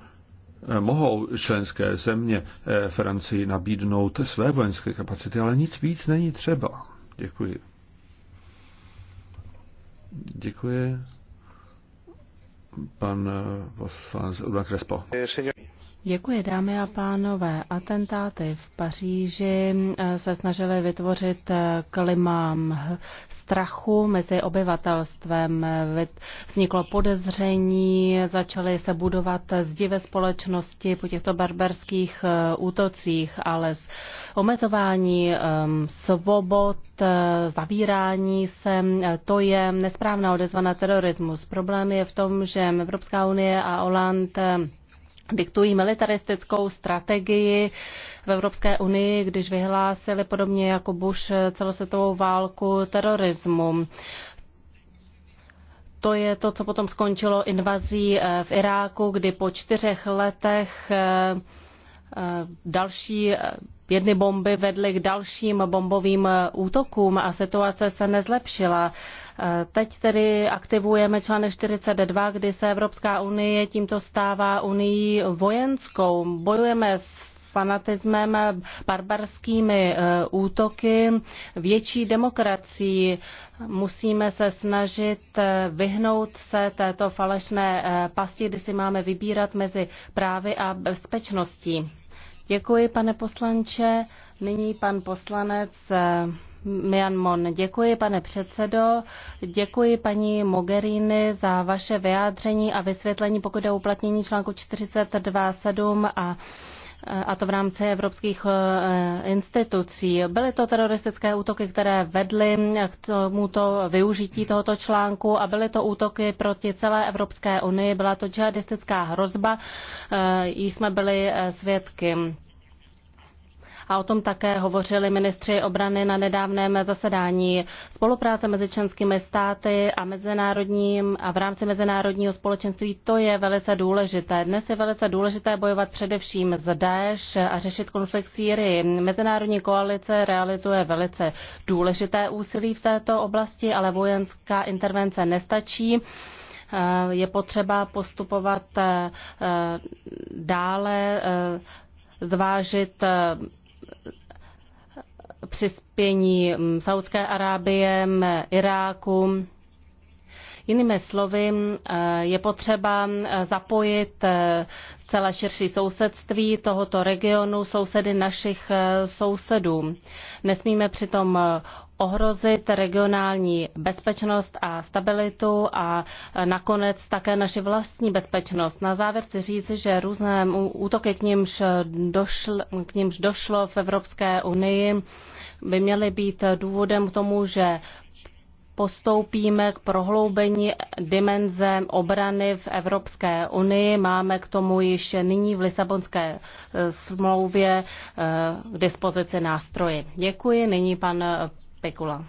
A: e, mohou členské země e, Francii nabídnout své vojenské kapacity, ale nic víc není třeba. Děkuji. Děkuji pan poslanec Urban Crespo.
C: Děkuji, dámy a pánové. Atentáty v Paříži eh, se snažily vytvořit eh, klima strachu mezi obyvatelstvem. Vzniklo podezření, začaly se budovat zdi ve společnosti po těchto barbarských eh, útocích, ale z omezování ehm, svobod, eh, zavírání se, eh, to je nesprávná odezva na terorismus. Problém je v tom, že Evropská unie a Holand diktují militaristickou strategii v Evropské unii, když vyhlásili podobně jako Bush celosvětovou válku terorismu. To je to, co potom skončilo invazí eh, v Iráku, kdy po čtyřech letech eh, eh, další jedny bomby vedly k dalším bombovým útokům a situace se nezlepšila. Teď tedy aktivujeme článek 42, kdy se Evropská unie tímto stává unii vojenskou. Bojujeme s fanatismem, barbarskými eh, útoky, větší demokracii Musíme se snažit eh, vyhnout se této falešné eh, pasti, kdy si máme vybírat mezi právy a bezpečností. Děkuji, pane poslanče. Nyní pan poslanec Myanmon. Děkuji, pane předsedo. Děkuji, paní Mogherini, za vaše vyjádření a vysvětlení, pokud je uplatnění článku 42.7 a a to v rámci evropských e, institucí. Byly to teroristické útoky, které vedly k tomuto využití tohoto článku a byly to útoky proti celé Evropské unii. Byla to džihadistická hrozba, e, jí jsme byli e, svědky a o tom také hovořili ministři obrany na nedávném zasedání. Spolupráce mezi členskými státy a, mezinárodním, a v rámci mezinárodního společenství to je velice důležité. Dnes je velice důležité bojovat především z Daesh a řešit konflikt Sýrii. Mezinárodní koalice realizuje velice důležité úsilí v této oblasti, ale vojenská intervence nestačí eh, je potřeba postupovat eh, dále, eh, zvážit přispění mm, Saudské Arábie, mm, Iráku. Jinými slovy, mm, eh, je potřeba eh, zapojit eh, celé širší sousedství tohoto regionu, sousedy našich sousedů. Nesmíme přitom ohrozit regionální bezpečnost a stabilitu a nakonec také naši vlastní bezpečnost. Na závěr chci říci, že různé útoky, k nímž došlo, k nímž došlo v Evropské unii, by měly být důvodem k tomu, že postoupíme k prohloubení dimenze obrany v Evropské unii. Máme k tomu již nyní v Lisabonské smlouvě eh, k dispozici nástroje. Děkuji. Nyní pan Pikula.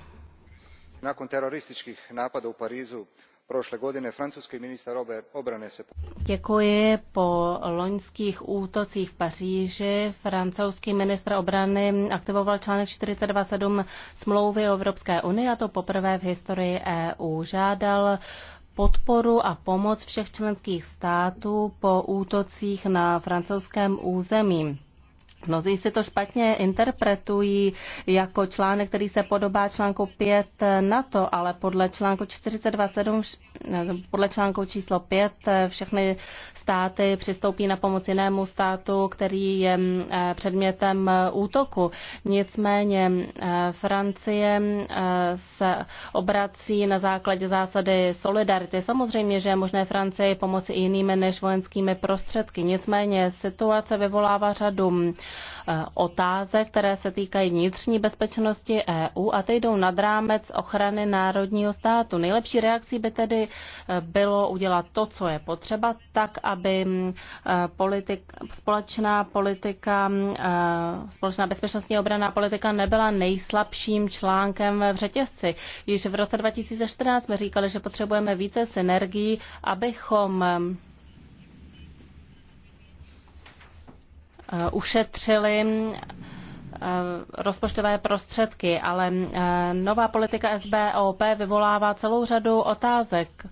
A: Nakon teroristických nápadů
B: v Pařízu prošle godine francouzský minister obrany se...
C: Děkuji. Po loňských útocích v Paříži francouzský ministr obrany aktivoval článek 427 smlouvy Evropské unie a to poprvé v historii EU. Žádal podporu a pomoc všech členských států po útocích na francouzském území. Mnozí si to špatně interpretují jako článek, který se podobá článku 5 NATO, ale podle článku 42.7, podle článku číslo 5 eh, všechny státy přistoupí na pomoc jinému státu, který je mm, eh, předmětem eh, útoku. Nicméně Francie se obrací na základě zásady solidarity. Samozřejmě, že je možné Francii pomoci jinými než vojenskými prostředky. Nicméně situace vyvolává řadu mm, Eh, otázek, které se týkají vnitřní bezpečnosti EU a ty jdou nad rámec ochrany národního státu. Nejlepší reakcí by tedy eh, bylo udělat to, co je potřeba, tak, aby mm, eh, politik, společná politika, mm, společná bezpečnostní obraná politika nebyla nejslabším článkem v řetězci. Již v roce 2014 jsme říkali, že potřebujeme více synergií, abychom mm, Eh, ušetřili eh, rozpočtové prostředky, ale eh, nová politika SBOP vyvolává celou řadu otázek.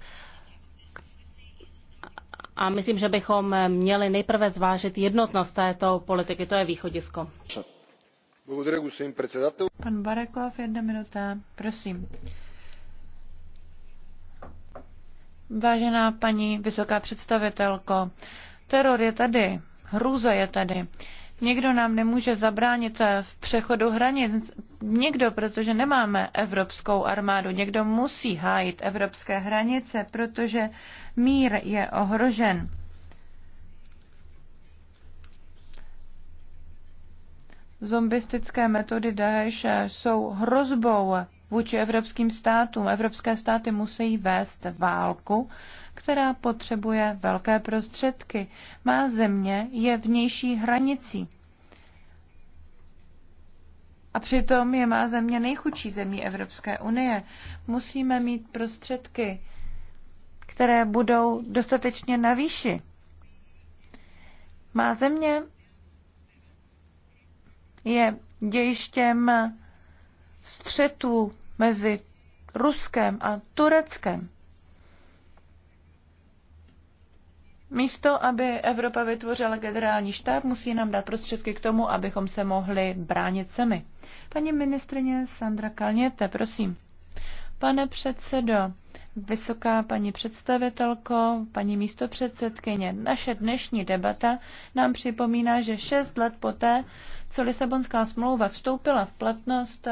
C: A myslím, že bychom měli nejprve zvážit jednotnost této politiky. To je východisko.
B: Pan Bareklov, jedna minuta, prosím. Vážená paní vysoká představitelko, teror je tady. Hrůza je tady. Někdo nám nemůže zabránit v přechodu hranic. Někdo, protože nemáme evropskou armádu. Někdo musí hájit evropské hranice, protože mír je ohrožen. Zombistické metody Daesh jsou hrozbou vůči evropským státům. Evropské státy musí vést válku která potřebuje velké prostředky. Má země je vnější hranicí. A přitom je má země nejchudší zemí Evropské unie. Musíme mít prostředky, které budou dostatečně na výši. Má země je dějištěm střetů mezi Ruskem a Tureckem. Místo, aby Evropa vytvořila generální štáb, musí nám dát prostředky k tomu, abychom se mohli bránit sami. Paní ministrině Sandra Kalněte, prosím. Pane předsedo, vysoká paní představitelko, paní místopředsedkyně, naše dnešní debata nám připomíná, že šest let poté, co Lisabonská smlouva vstoupila v platnost,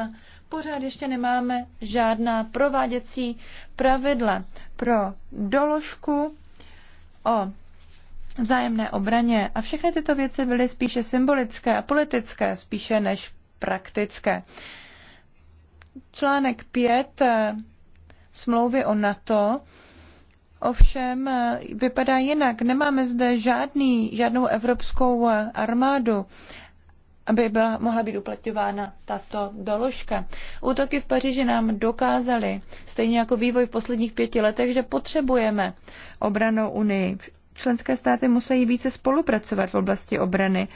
B: pořád ještě nemáme žádná prováděcí pravidla pro doložku o vzájemné obraně a všechny tyto věci byly spíše symbolické a politické, spíše než praktické. Článek 5 eh, smlouvy o NATO ovšem eh, vypadá jinak. Nemáme zde žádný, žádnou evropskou eh, armádu, aby byla, mohla být uplatňována tato doložka. Útoky v Paříži nám dokázaly, stejně jako vývoj v posledních pěti letech, že potřebujeme obranou unii členské státy musí více spolupracovat v oblasti obrany,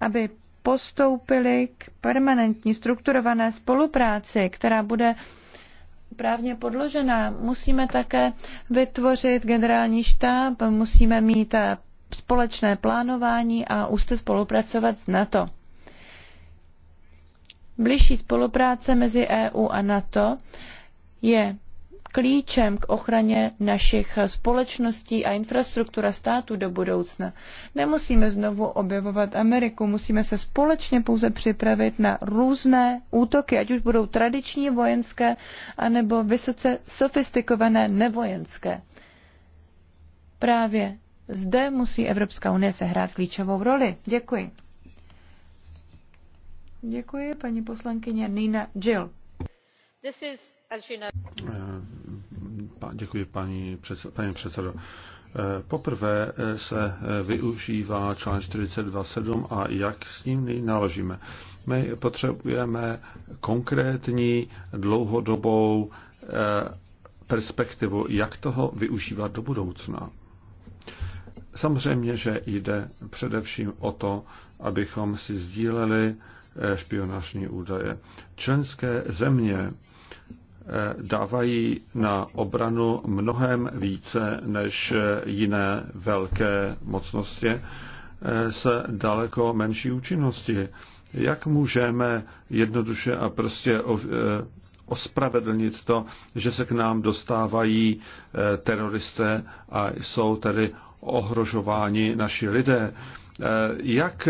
B: aby postoupili k permanentní strukturované spolupráci, která bude právně podložená. Musíme také vytvořit generální štáb, musíme mít společné plánování a úzce spolupracovat s NATO. Bližší spolupráce mezi EU a NATO je klíčem k ochraně našich společností a infrastruktura státu do budoucna. Nemusíme znovu objevovat Ameriku, musíme se společně pouze připravit na různé útoky, ať už budou tradiční vojenské, anebo vysoce sofistikované nevojenské. Právě zde musí Evropská unie sehrát klíčovou roli. Děkuji. Děkuji, paní poslankyně Nina Jill. This is, as you know...
A: Eh, Děkuji, paní, předsed, paní předsedo. Eh, poprvé eh, se eh, využívá článek 42.7 a jak s ním naložíme. My potřebujeme konkrétní dlouhodobou perspektivu, jak toho využívat do budoucna. Samozřejmě, že jde především o to, abychom si sdíleli špionážní údaje. Členské země dávají na obranu mnohem více než jiné velké mocnosti s daleko menší účinnosti. Jak můžeme jednoduše a prostě e, ospravedlnit to, že se k nám dostávají e, teroristé a jsou tedy ohrožováni naši lidé? E, jak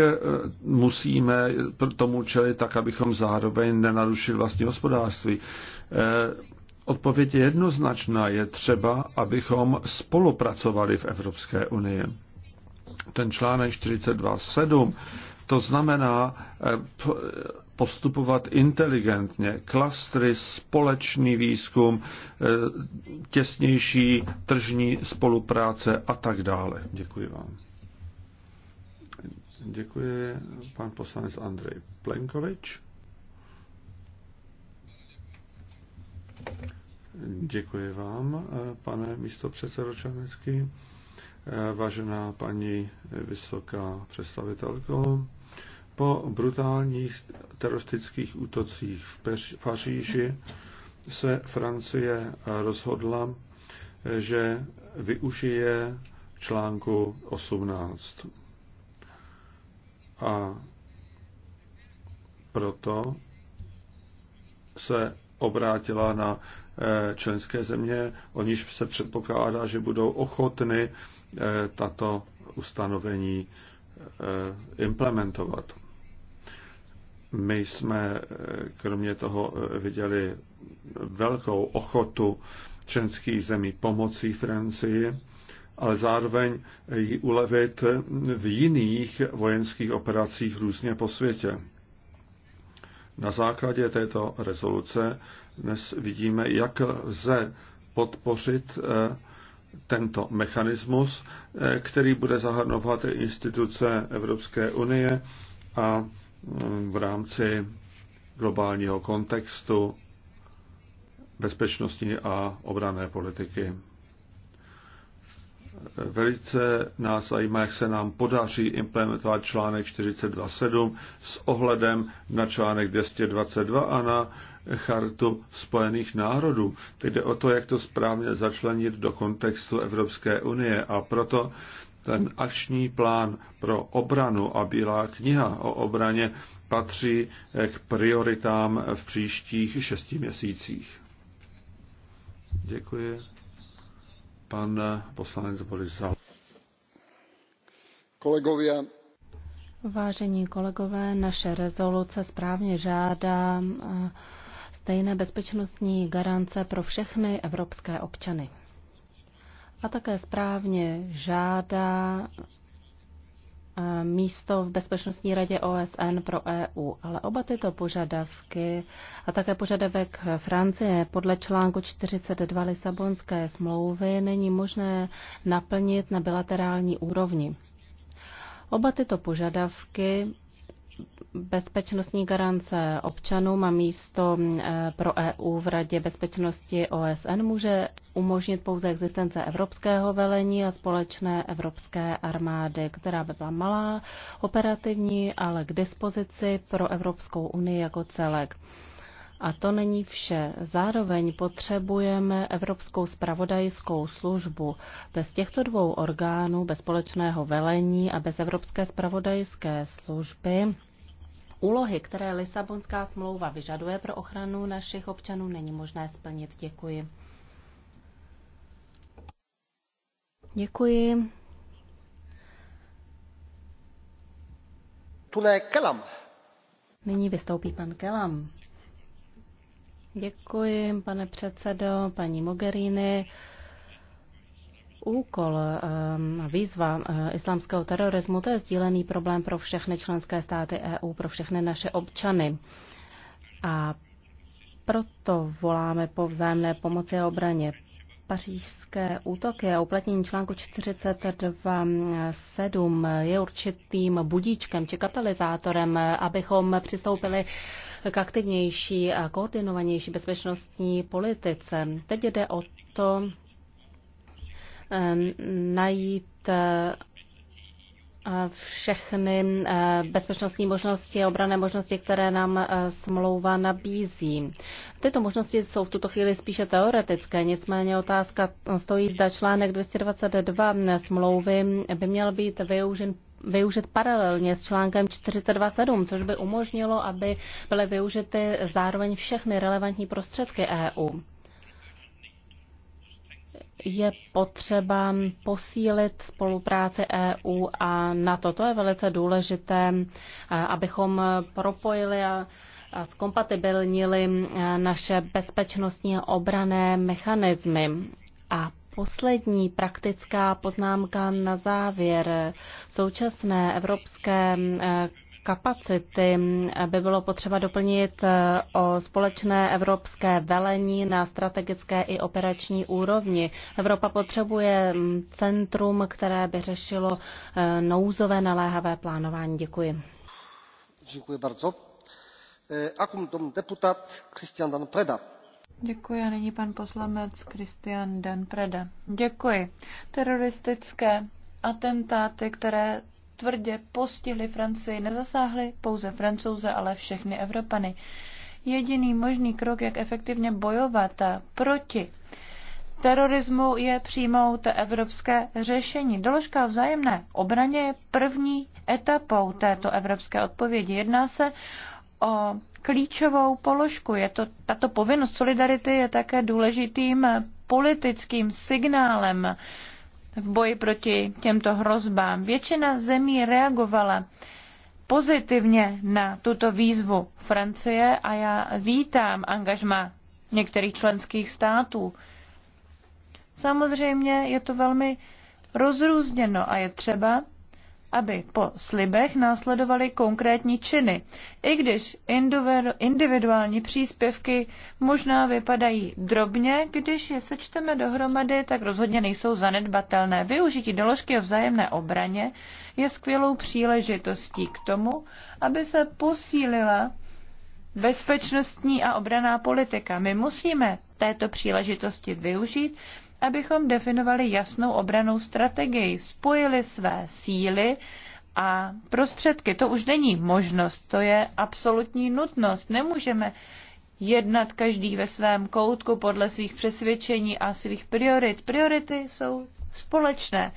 A: musíme tomu čelit tak, abychom zároveň nenarušili vlastní hospodářství? Eh, odpověď je jednoznačná. Je třeba, abychom spolupracovali v Evropské unii. Ten článek 42.7, to znamená eh, postupovat inteligentně, klastry, společný výzkum, eh, těsnější tržní spolupráce a tak dále. Děkuji vám. Děkuji pan poslanec Andrej Plenkovič. Děkuji vám, pane místo předsedo Čanecký. Vážená paní vysoká představitelko, po brutálních teroristických útocích v Paříži se Francie rozhodla, že využije článku 18. A proto se obrátila na eh, členské země, o níž se předpokládá, že budou ochotny eh, tato ustanovení eh, implementovat. My jsme kromě toho viděli velkou ochotu členských zemí pomocí Francii, ale zároveň ji ulevit v jiných vojenských operacích různě po světě. Na základě této rezoluce dnes vidíme, jak lze podpořit eh, tento mechanismus, eh, který bude zahrnovat instituce Evropské unie a mm, v rámci globálního kontextu bezpečnostní a obrané politiky. Velice nás zajímá, jak se nám podaří implementovat článek 42.7 s ohledem na článek 222 a na chartu Spojených národů. Teď jde o to, jak to správně začlenit do kontextu Evropské unie a proto ten akční plán pro obranu a bílá kniha o obraně patří k prioritám v příštích šesti měsících. Děkuji. Pan poslanec Borisal. Kolegovia,
C: Vážení kolegové, naše rezoluce správně žádá eh, stejné bezpečnostní garance pro všechny evropské občany. A také správně žádá Eh, místo v Bezpečnostní radě OSN pro EU, ale oba tyto požadavky a také požadavek Francie podle článku 42 Lisabonské smlouvy není možné naplnit na bilaterální úrovni. Oba tyto požadavky bezpečnostní garance občanům a místo eh, pro EU v Radě bezpečnosti OSN může umožnit pouze existence evropského velení a společné evropské armády, která by byla malá, operativní, ale k dispozici pro Evropskou unii jako celek. A to není vše. Zároveň potřebujeme Evropskou spravodajskou službu. Bez těchto dvou orgánů, bez společného velení a bez Evropské spravodajské služby úlohy, které Lisabonská smlouva vyžaduje pro ochranu našich občanů, není možné splnit. Děkuji. Děkuji. Tule Kelam. Nyní vystoupí pan Kelam. Děkuji, pane předsedo, paní Mogherini. Úkol ehm, a výzva eh, islámského terorismu to je sdílený problém pro všechny členské státy EU, pro všechny naše občany. A proto voláme po vzájemné pomoci a obraně. Pařížské útoky a uplatnění článku 42.7 je určitým budíčkem či katalyzátorem, abychom přistoupili k aktivnější a koordinovanější bezpečnostní politice. Teď jde o to eh, najít eh, všechny eh, bezpečnostní možnosti a obrané možnosti, které nám smlouva nabízí. Tyto možnosti jsou v tuto chvíli spíše teoretické, nicméně otázka stojí, zda článek 222 smlouvy by měl být využen využit paralelně s článkem 427, což by umožnilo, aby byly využity zároveň všechny relevantní prostředky EU. Je potřeba posílit spolupráci EU a na toto je velice důležité, abychom propojili a a zkompatibilnili e, naše bezpečnostní obrané mechanismy. A poslední praktická poznámka na závěr. Současné evropské eh, kapacity eh, by bylo potřeba doplnit eh, o společné evropské velení na strategické i operační úrovni. Evropa potřebuje mm, centrum, které by řešilo nouzové
B: naléhavé plánování.
C: Děkuji. Děkuji bardzo. Akum deputat Christian Dan Preda
B: Děkuji a nyní pan poslanec Kristian Danpreda. Děkuji. Teroristické atentáty, které tvrdě postihly Francii, nezasáhly pouze francouze, ale všechny Evropany. Jediný možný krok, jak efektivně bojovat proti terorismu, je přijmout evropské řešení. Doložka o vzájemné obraně je první etapou této evropské odpovědi. Jedná se o klíčovou položku. Je to, tato povinnost solidarity je také důležitým politickým signálem v boji proti těmto hrozbám. Většina zemí reagovala pozitivně na tuto výzvu Francie a já vítám angažma některých členských států. Samozřejmě je to velmi rozrůzněno a je třeba, aby po slibech následovaly konkrétní činy, i když individuální příspěvky možná vypadají drobně, když je sečteme dohromady, tak rozhodně nejsou zanedbatelné. Využití doložky o vzájemné obraně je skvělou příležitostí k tomu, aby se posílila bezpečnostní a obraná politika. My musíme této příležitosti využít abychom definovali jasnou obranou strategii, spojili své síly a prostředky. To už není možnost, to je absolutní nutnost. Nemůžeme jednat každý ve svém koutku podle svých přesvědčení a svých priorit. Priority jsou společné.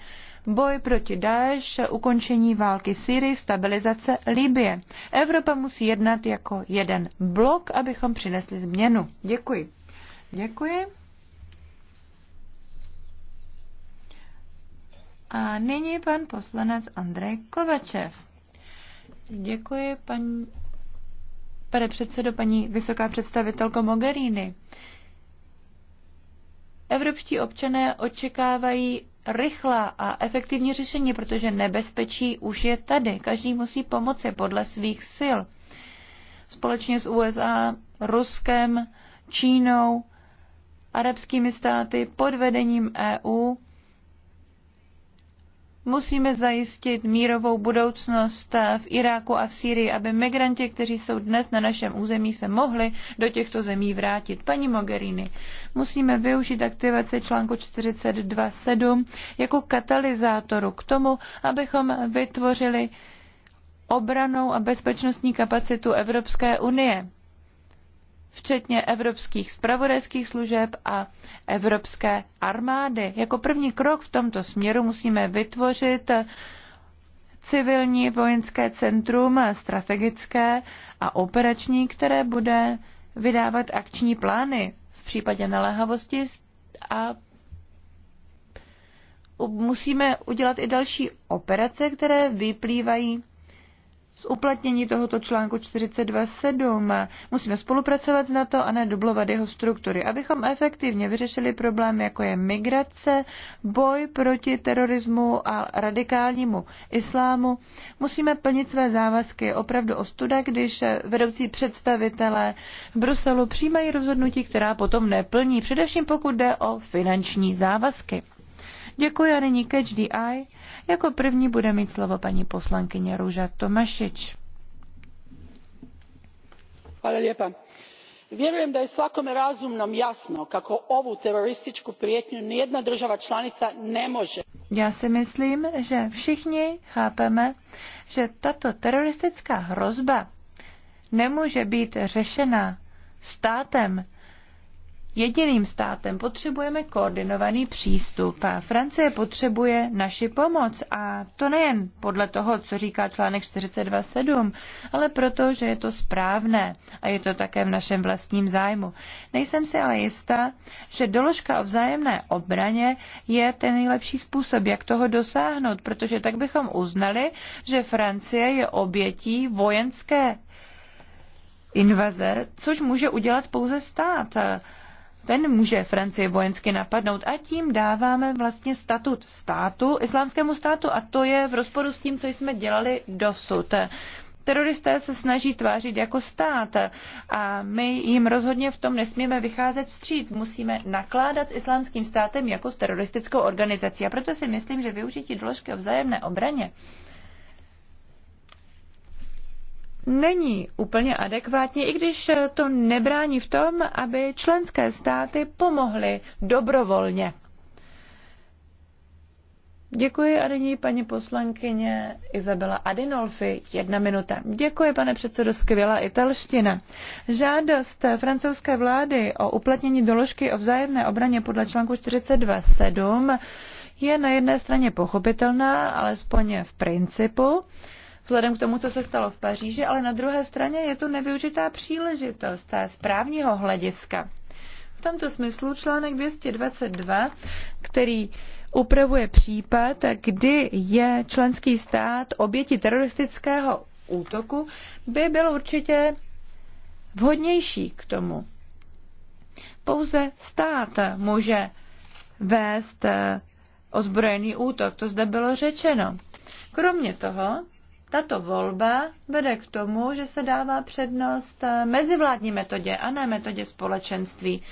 B: Boj proti Daesh, ukončení války Syrii, stabilizace Libie. Evropa musí jednat jako jeden blok, abychom přinesli změnu. Děkuji. Děkuji. A nyní pan poslanec Andrej Kovačev. Děkuji, paní, pane předsedo, paní vysoká představitelko Mogherini. Evropští občané očekávají rychlá a efektivní řešení, protože nebezpečí už je tady. Každý musí pomoci podle svých sil. Společně s USA, Ruskem, Čínou, arabskými státy pod vedením EU Musíme zajistit mírovou budoucnost v Iráku a v Sýrii, aby migranti, kteří jsou dnes na našem území, se mohli do těchto zemí vrátit. Paní Mogherini, musíme využít aktivaci článku 42.7 jako katalyzátoru k tomu, abychom vytvořili obranou a bezpečnostní kapacitu Evropské unie včetně evropských spravodajských služeb a evropské armády. Jako první krok v tomto směru musíme vytvořit civilní vojenské centrum strategické a operační, které bude vydávat akční plány v případě naléhavosti a musíme udělat i další operace, které vyplývají z uplatnění tohoto článku 42.7. Musíme spolupracovat s NATO a ne dublovat jeho struktury, abychom efektivně vyřešili problémy, jako je migrace, boj proti terorismu a radikálnímu islámu. Musíme plnit své závazky. opravdu ostuda, když vedoucí představitelé v Bruselu přijímají rozhodnutí, která potom neplní, především pokud jde o finanční závazky. Děkuji a nyní Catch the Eye. Jako první bude mít slovo paní poslankyně Růža Tomašič. Hvala lijepa. Vjerujem da je svakome razumnom jasno kako ovu terorističku prijetnju nijedna država članica ne može. Já si myslím, že všichni chápeme, že tato teroristická hrozba nemůže být řešena státem, jediným státem. Potřebujeme koordinovaný přístup. A Francie potřebuje naši pomoc a to nejen podle toho, co říká článek 42.7, ale proto, že je to správné a je to také v našem vlastním zájmu. Nejsem si ale jistá, že doložka o vzájemné obraně je ten nejlepší způsob, jak toho dosáhnout, protože tak bychom uznali, že Francie je obětí vojenské invaze, což může udělat pouze stát ten může Francii vojensky napadnout a tím dáváme vlastně statut státu, islámskému státu a to je v rozporu s tím, co jsme dělali dosud. Teroristé se snaží tvářit jako stát a my jim rozhodně v tom nesmíme vycházet vstříc. Musíme nakládat s islámským státem jako s teroristickou organizací. A proto si myslím, že využití doložky o vzájemné obraně není úplně adekvátní, i když to nebrání v tom, aby členské státy pomohly dobrovolně. Děkuji a nyní paní poslankyně Izabela Adinolfi. Jedna minuta. Děkuji, pane předsedo, skvělá italština. Žádost francouzské vlády o uplatnění doložky o vzájemné obraně podle článku 42.7 je na jedné straně pochopitelná, alespoň v principu vzhledem k tomu, co se stalo v Paříži, ale na druhé straně je to nevyužitá příležitost z správního hlediska. V tomto smyslu článek 222, který upravuje případ, kdy je členský stát oběti teroristického útoku, by byl určitě vhodnější k tomu. Pouze stát může vést ozbrojený útok, to zde bylo řečeno. Kromě toho tato volba vede k tomu, že se dává přednost eh, mezivládní metodě a ne metodě společenství.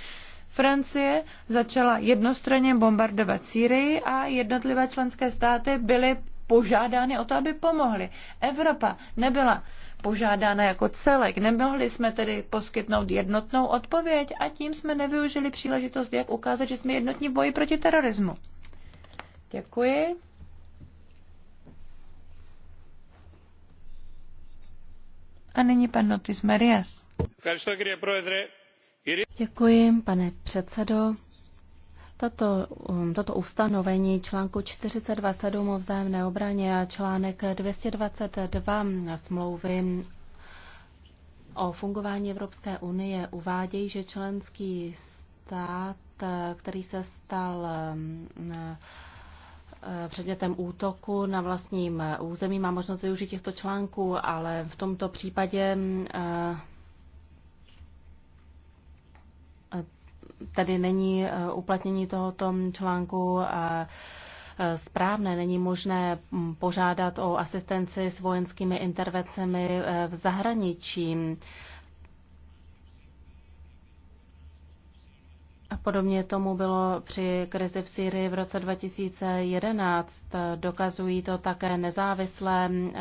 B: Francie začala jednostranně bombardovat Sýrii a jednotlivé členské státy byly požádány o to, aby pomohly. Evropa nebyla požádána jako celek. Nemohli jsme tedy poskytnout jednotnou odpověď a tím jsme nevyužili příležitost, jak ukázat, že jsme jednotní v boji proti terorismu. Děkuji. A nyní pan Notis Marias. Děkuji, pane předsedo. Tato,
C: um, toto ustanovení článku 427 o vzájemné obraně a článek 222 smlouvy o fungování Evropské unie uvádějí, že členský stát, který se stal um, Eh, předmětem útoku na vlastním území, má možnost využít těchto článků, ale v tomto případě mm, eh, tady není eh, uplatnění tohoto článku správné. Není možné mm, požádat o asistenci s vojenskými intervencemi v zahraničí. Podobně tomu bylo při krizi v Syrii v roce 2011. Dokazují to také nezávislé eh,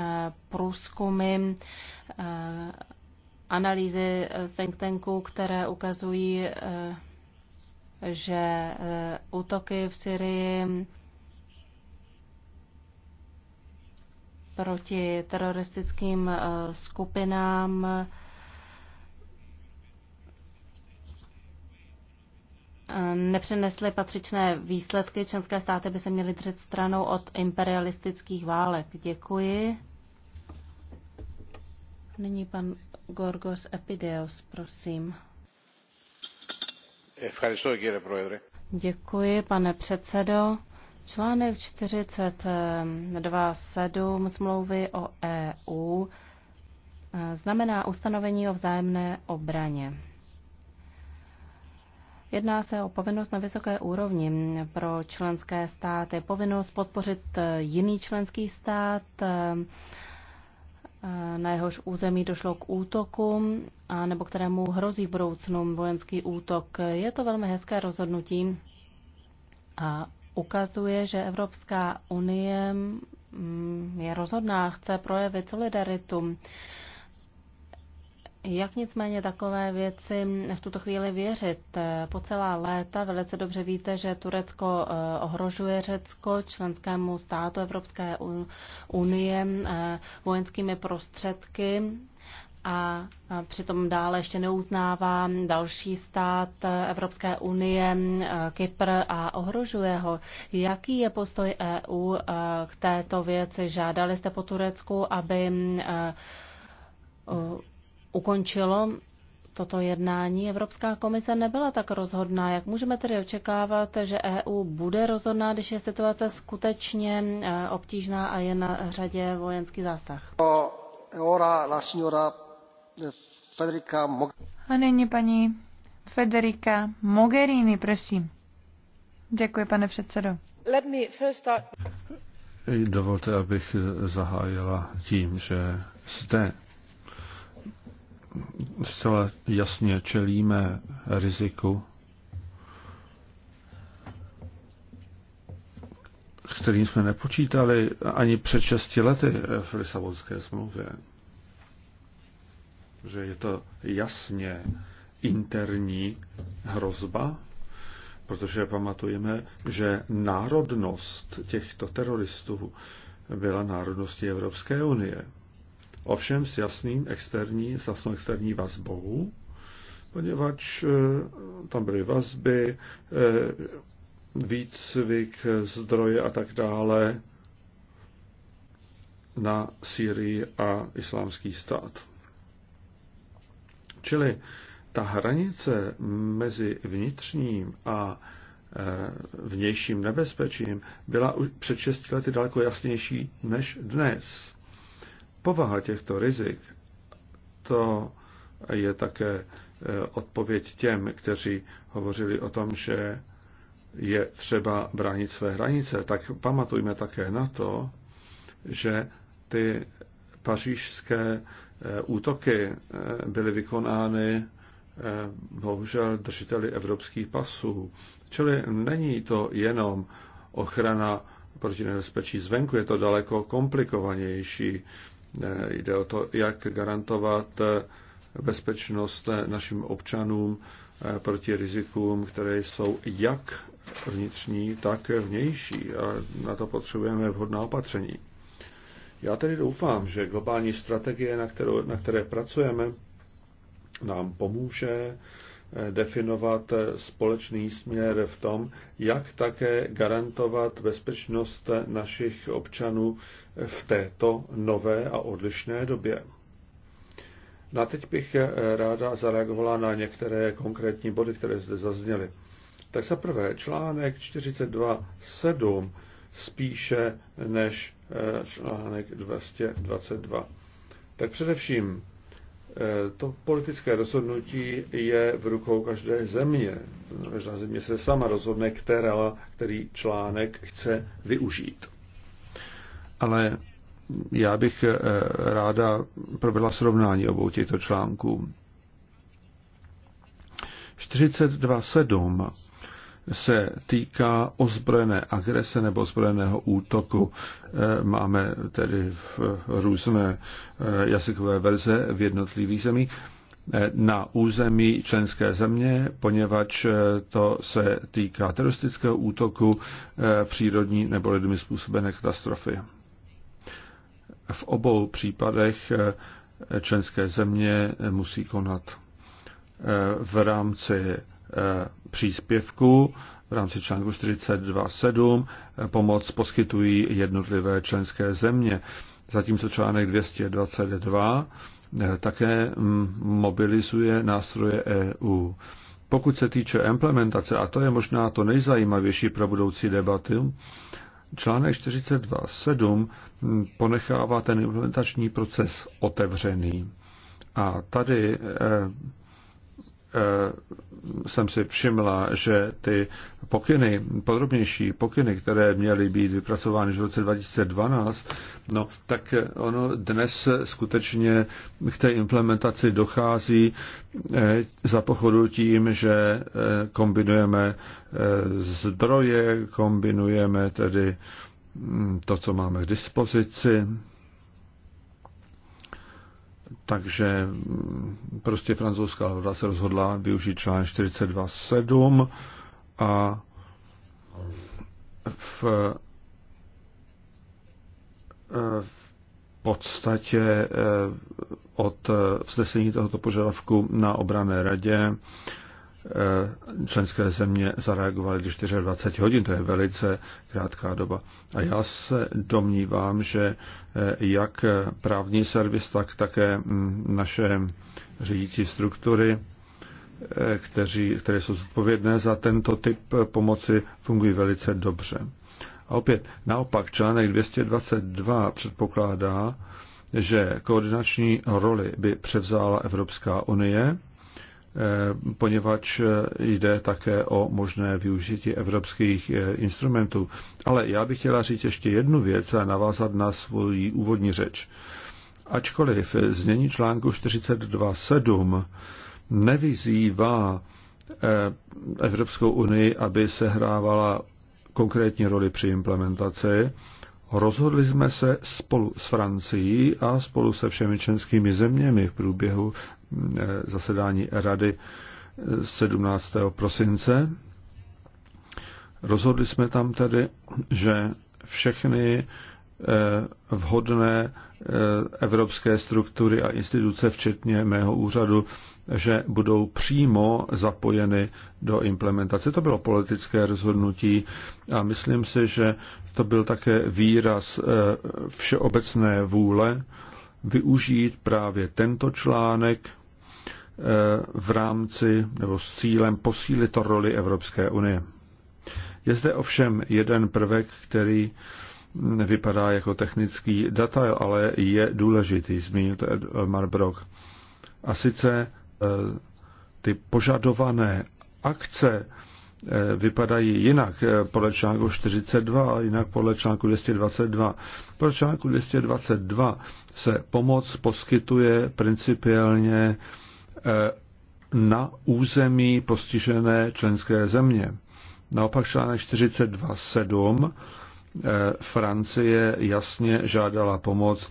C: průzkumy, eh, analýzy think tanků, které ukazují, eh, že útoky v Syrii proti teroristickým skupinám nepřinesly patřičné výsledky, členské státy by se měly držet stranou od imperialistických válek. Děkuji. Nyní pan Gorgos Epideos, prosím. Děkuji, pane předsedo. Článek 42.7 smlouvy o EU e, znamená ustanovení o vzájemné obraně. Jedná se o povinnost na vysoké úrovni pro členské státy, povinnost podpořit eh, jiný členský stát, eh, eh, na jehož území došlo k útoku a nebo kterému hrozí v budoucnu vojenský útok. Je to velmi hezké rozhodnutí a ukazuje, že Evropská unie mm, je rozhodná, chce projevit solidaritu. Jak nicméně takové věci v tuto chvíli věřit? Po celá léta velice dobře víte, že Turecko eh, ohrožuje Řecko, členskému státu Evropské unie, eh, vojenskými prostředky a přitom dále ještě neuznává další stát eh, Evropské unie, Kypr a ohrožuje ho. Jaký je postoj EU k této věci? Žádali jste po Turecku, aby ukončilo toto jednání. Evropská komise nebyla tak rozhodná. Jak můžeme tedy očekávat, že EU bude rozhodná, když je situace skutečně eh, obtížná a je na řadě vojenský zásah? Eh,
B: a nyní paní Federica Mogherini, prosím. Děkuji, pane předsedo.
A: Dovolte, abych zahájila tím, že zde zcela jasně čelíme riziku, s kterým jsme nepočítali ani před 6 lety v Lisabonské smlouvě. Že je to jasně interní hrozba, protože pamatujeme, že národnost těchto teroristů byla národností Evropské unie ovšem s jasným externí, s jasnou externí vazbou, poněvadž eh, tam byly vazby, eh, výcvik, zdroje a tak dále na Syrii a islámský stát. Čili ta hranice mezi vnitřním a eh, vnějším nebezpečím byla už před 6 lety daleko jasnější než dnes. Povaha těchto rizik, to je také eh, odpověď těm, kteří hovořili o tom, že je třeba bránit své hranice, tak pamatujme také na to, že ty pařížské eh, útoky eh, byly vykonány bohužel držiteli evropských pasů. Čili není to jenom ochrana proti nebezpečí zvenku, je to daleko komplikovanější. Eh, jde o to, jak garantovat eh, bezpečnost eh, našim občanům proti rizikům, které jsou jak vnitřní, tak vnější. A na to potřebujeme vhodná opatření. Já tedy doufám, že globální strategie, na, kterou, na které pracujeme, nám pomůže definovat společný směr v tom, jak také garantovat bezpečnost našich občanů v této nové a odlišné době. Na no teď bych ráda zareagovala na některé konkrétní body, které zde zazněly. Tak za prvé, článek 42.7 spíše než eh, článek 222. Tak především Eh, to politické rozhodnutí je v rukou každé země. Každá země se sama rozhodne, která, který článek chce využít. Ale já bych eh, ráda provedla srovnání obou těchto článků. 42.7 se týká ozbrojené agrese nebo ozbrojeného útoku. E, máme tedy v různé e, jazykové verze v jednotlivých zemích e, na území členské země, poněvadž to se týká teroristického útoku, přírodní nebo lidmi způsobené katastrofy. V obou případech členské země musí konat v rámci Eh, příspěvku v rámci článku 42.7 eh, pomoc poskytují jednotlivé členské země. Zatímco článek 222 eh, také mm, mobilizuje nástroje EU. Pokud se týče implementace, a to je možná to nejzajímavější pro budoucí debaty, článek 42.7 mm, ponechává ten implementační proces otevřený. A tady Eh, jsem si všimla, že ty pokyny, podrobnější pokyny, které měly být vypracovány v roce 2012, no tak ono dnes skutečně k té implementaci dochází eh, za pochodu tím, že eh, kombinujeme zdroje, kombinujeme tedy hm, to, co máme k dispozici, takže mm, prostě francouzská vláda se rozhodla využít článek 42.7 a v, eh, v podstatě eh, od eh, vznesení tohoto požadavku na obrané radě Eh, členské země zareagovaly do 24 hodin, to je velice krátká doba. A já se domnívám, že eh, jak právní servis, tak také mm, naše řídící struktury, eh, kteří, které jsou zodpovědné za tento typ pomoci, fungují velice dobře. A opět, naopak článek 222 předpokládá, že koordinační roli by převzala Evropská unie, Eh, poněvadž eh, jde také o možné využití evropských eh, instrumentů. Ale já bych chtěla říct ještě jednu věc a navázat na svoji úvodní řeč. Ačkoliv znění článku 42.7 nevyzývá Evropskou unii, aby se hrávala konkrétní roli při implementaci, Rozhodli jsme se spolu s Francií a spolu se všemi členskými zeměmi v průběhu eh, zasedání Rady 17. Eh, prosince. Rozhodli jsme tam tedy, že všechny eh, vhodné evropské struktury a instituce, včetně mého úřadu, že budou přímo zapojeny do implementace. To bylo politické rozhodnutí a myslím si, že to byl také výraz eh, všeobecné vůle využít právě tento článek eh, v rámci nebo s cílem posílit roli Evropské unie. Je zde ovšem jeden prvek, který hm, vypadá jako technický detail, ale je důležitý, zmínil to Elmar Brock. A sice Eh, ty požadované akce eh, vypadají jinak eh, podle článku 42 a jinak podle článku 222. Podle článku 222 se pomoc poskytuje principiálně na území postižené členské země. Naopak článek 42.7 Francie jasně žádala pomoc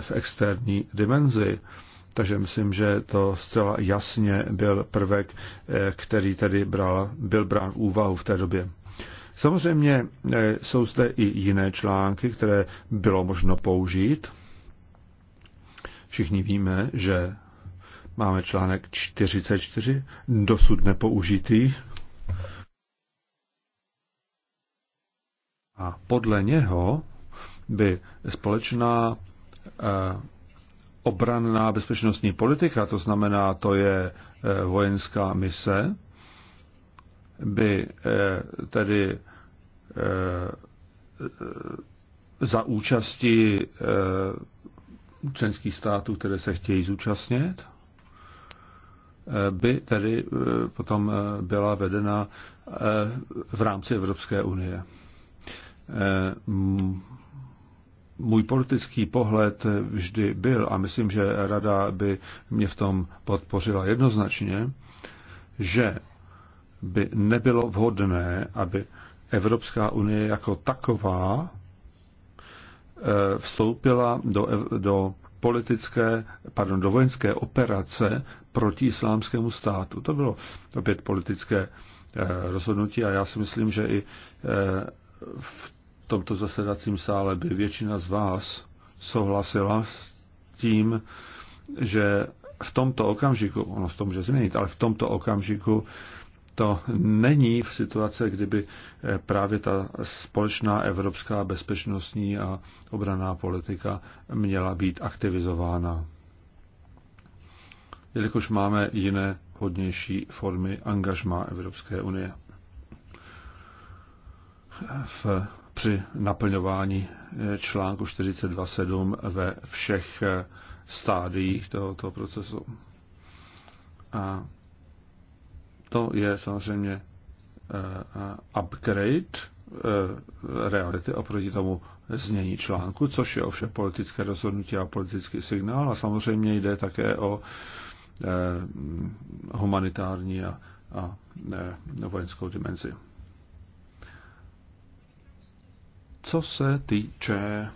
A: v externí dimenzi. Takže myslím, že to zcela jasně byl prvek, eh, který tedy bral, byl brán v úvahu v té době. Samozřejmě eh, jsou zde i jiné články, které bylo možno použít. Všichni víme, že máme článek 44, dosud nepoužitý. A podle něho by společná eh, obranná bezpečnostní politika, to znamená, to je eh, vojenská mise, by eh, tedy eh, za účasti členských států, které se chtějí zúčastnit, by tedy potom byla vedena v rámci Evropské unie můj politický pohled vždy byl, a myslím, že rada by mě v tom podpořila jednoznačně, že by nebylo vhodné, aby Evropská unie jako taková eh, vstoupila do, do politické, pardon, do vojenské operace proti islámskému státu. To bylo opět politické eh, rozhodnutí a já si myslím, že i eh, v tomto zasedacím sále by většina z vás souhlasila s tím, že v tomto okamžiku, ono se tom může změnit, ale v tomto okamžiku to není v situace, kdyby eh, právě ta společná evropská bezpečnostní a obraná politika měla být aktivizována. Jelikož máme jiné hodnější formy angažma Evropské unie. V při naplňování eh, článku 42.7 ve všech eh, stádiích tohoto procesu. A to je samozřejmě eh, upgrade reality oproti tomu znění článku, což je ovšem politické rozhodnutí a politický signál a samozřejmě jde také o humanitární a, a vojenskou dimenzi. Co se týče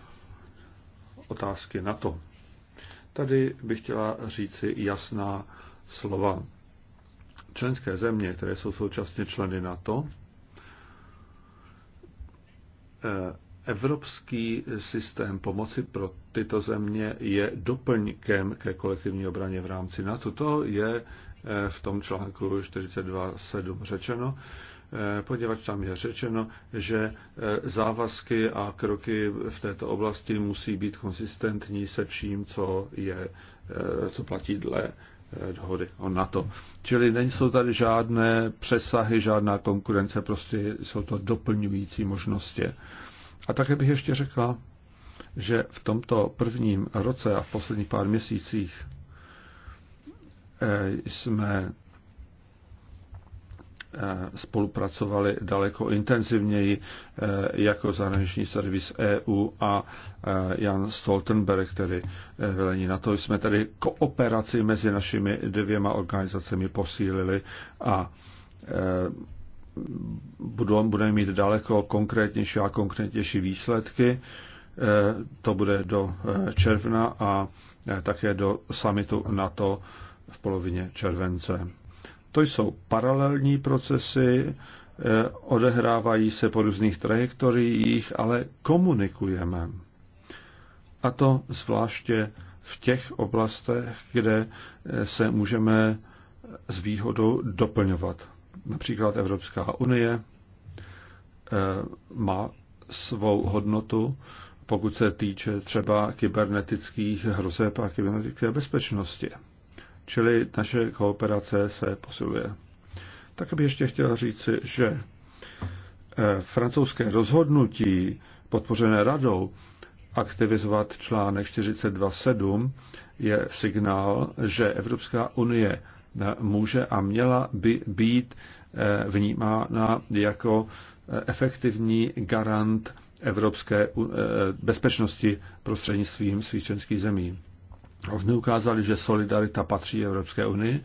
A: otázky na to, tady bych chtěla říci jasná slova. Členské země, které jsou současně členy NATO, eh, Evropský systém pomoci pro tyto země je doplňkem ke kolektivní obraně v rámci NATO. To je eh, v tom článku 42.7 řečeno. Eh, poněvadž tam je řečeno, že eh, závazky a kroky v této oblasti musí být konsistentní se vším, co, je, eh, co platí dle dohody o NATO. Čili nejsou tady žádné přesahy, žádná konkurence, prostě jsou to doplňující možnosti. A také bych ještě řekla, že v tomto prvním roce a v posledních pár měsících jsme Eh, spolupracovali daleko intenzivněji eh, jako zahraniční servis EU a eh, Jan Stoltenberg, který velení na to. Jsme tedy kooperaci mezi našimi dvěma organizacemi posílili a budeme mít daleko konkrétnější a konkrétnější výsledky. To bude do června a také do samitu NATO v polovině července. To jsou paralelní procesy, eh, odehrávají se po různých trajektoriích, ale komunikujeme. A to zvláště v těch oblastech, kde eh, se můžeme s výhodou doplňovat. Například Evropská unie eh, má svou hodnotu, pokud se týče třeba kybernetických hrozeb a kybernetické bezpečnosti. Čili naše kooperace se posiluje. Tak bych ještě chtěl říci, že eh, francouzské rozhodnutí podpořené radou aktivizovat článek 42.7 je signál, že Evropská unie eh, může a měla by být eh, vnímána jako efektivní garant evropské bezpečnosti prostřednictvím svých členských zemí. A jsme ukázali, že solidarita patří Evropské unii.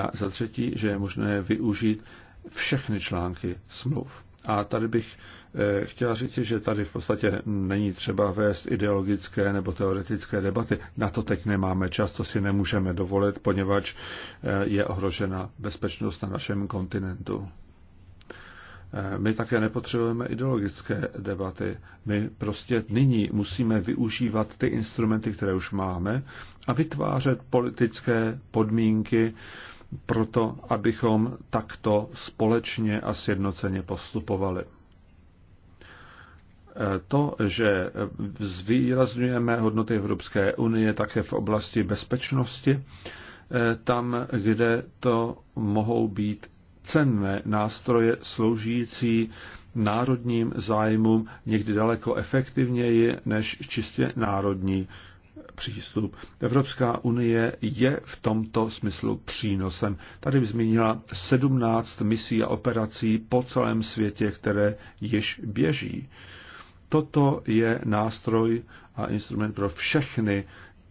A: A za třetí, že je možné využít všechny články smluv. A tady bych eh, chtěl říct, že tady v podstatě není třeba vést ideologické nebo teoretické debaty. Na to teď nemáme čas, to si nemůžeme dovolit, poněvadž eh, je ohrožena bezpečnost na našem kontinentu. Eh, my také nepotřebujeme ideologické debaty. My prostě nyní musíme využívat ty instrumenty, které už máme a vytvářet politické podmínky pro to, abychom takto společně a sjednoceně postupovali. Eh, to, že zvýrazňujeme hodnoty Evropské unie také v oblasti bezpečnosti, eh, tam, kde to mohou být cenné nástroje sloužící národním zájmům někdy daleko efektivněji než čistě národní přístup. Evropská unie je v tomto smyslu přínosem. Tady by zmínila 17 misí a operací po celém světě, které již běží. Toto je nástroj a instrument pro všechny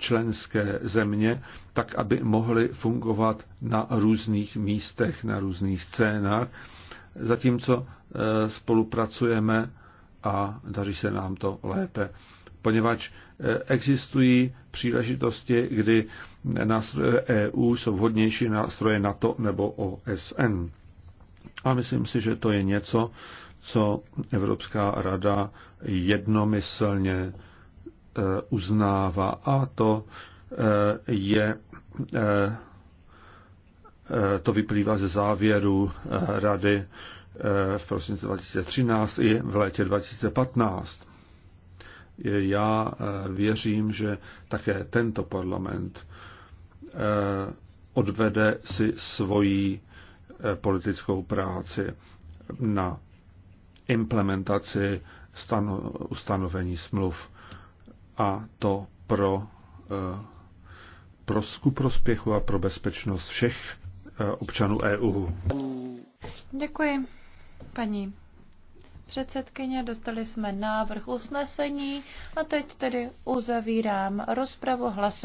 A: členské země, tak aby mohly fungovat na různých místech, na různých scénách, zatímco eh, spolupracujeme a daří se nám to lépe. Poněvadž eh, existují příležitosti, kdy nástroje EU jsou vhodnější nástroje NATO nebo OSN. A myslím si, že to je něco, co Evropská rada jednomyslně Eh, uznává a to eh, je eh, to vyplývá ze závěru rady v prosinci 2013 i v létě 2015. Já věřím, že také tento parlament odvede si svoji politickou práci na implementaci ustanovení smluv a to pro, eh, pro ku prospěchu a pro bezpečnost všech eh, občanů EU.
B: Děkuji, paní předsedkyně. Dostali jsme návrh usnesení a teď tedy uzavírám rozpravu hlasování.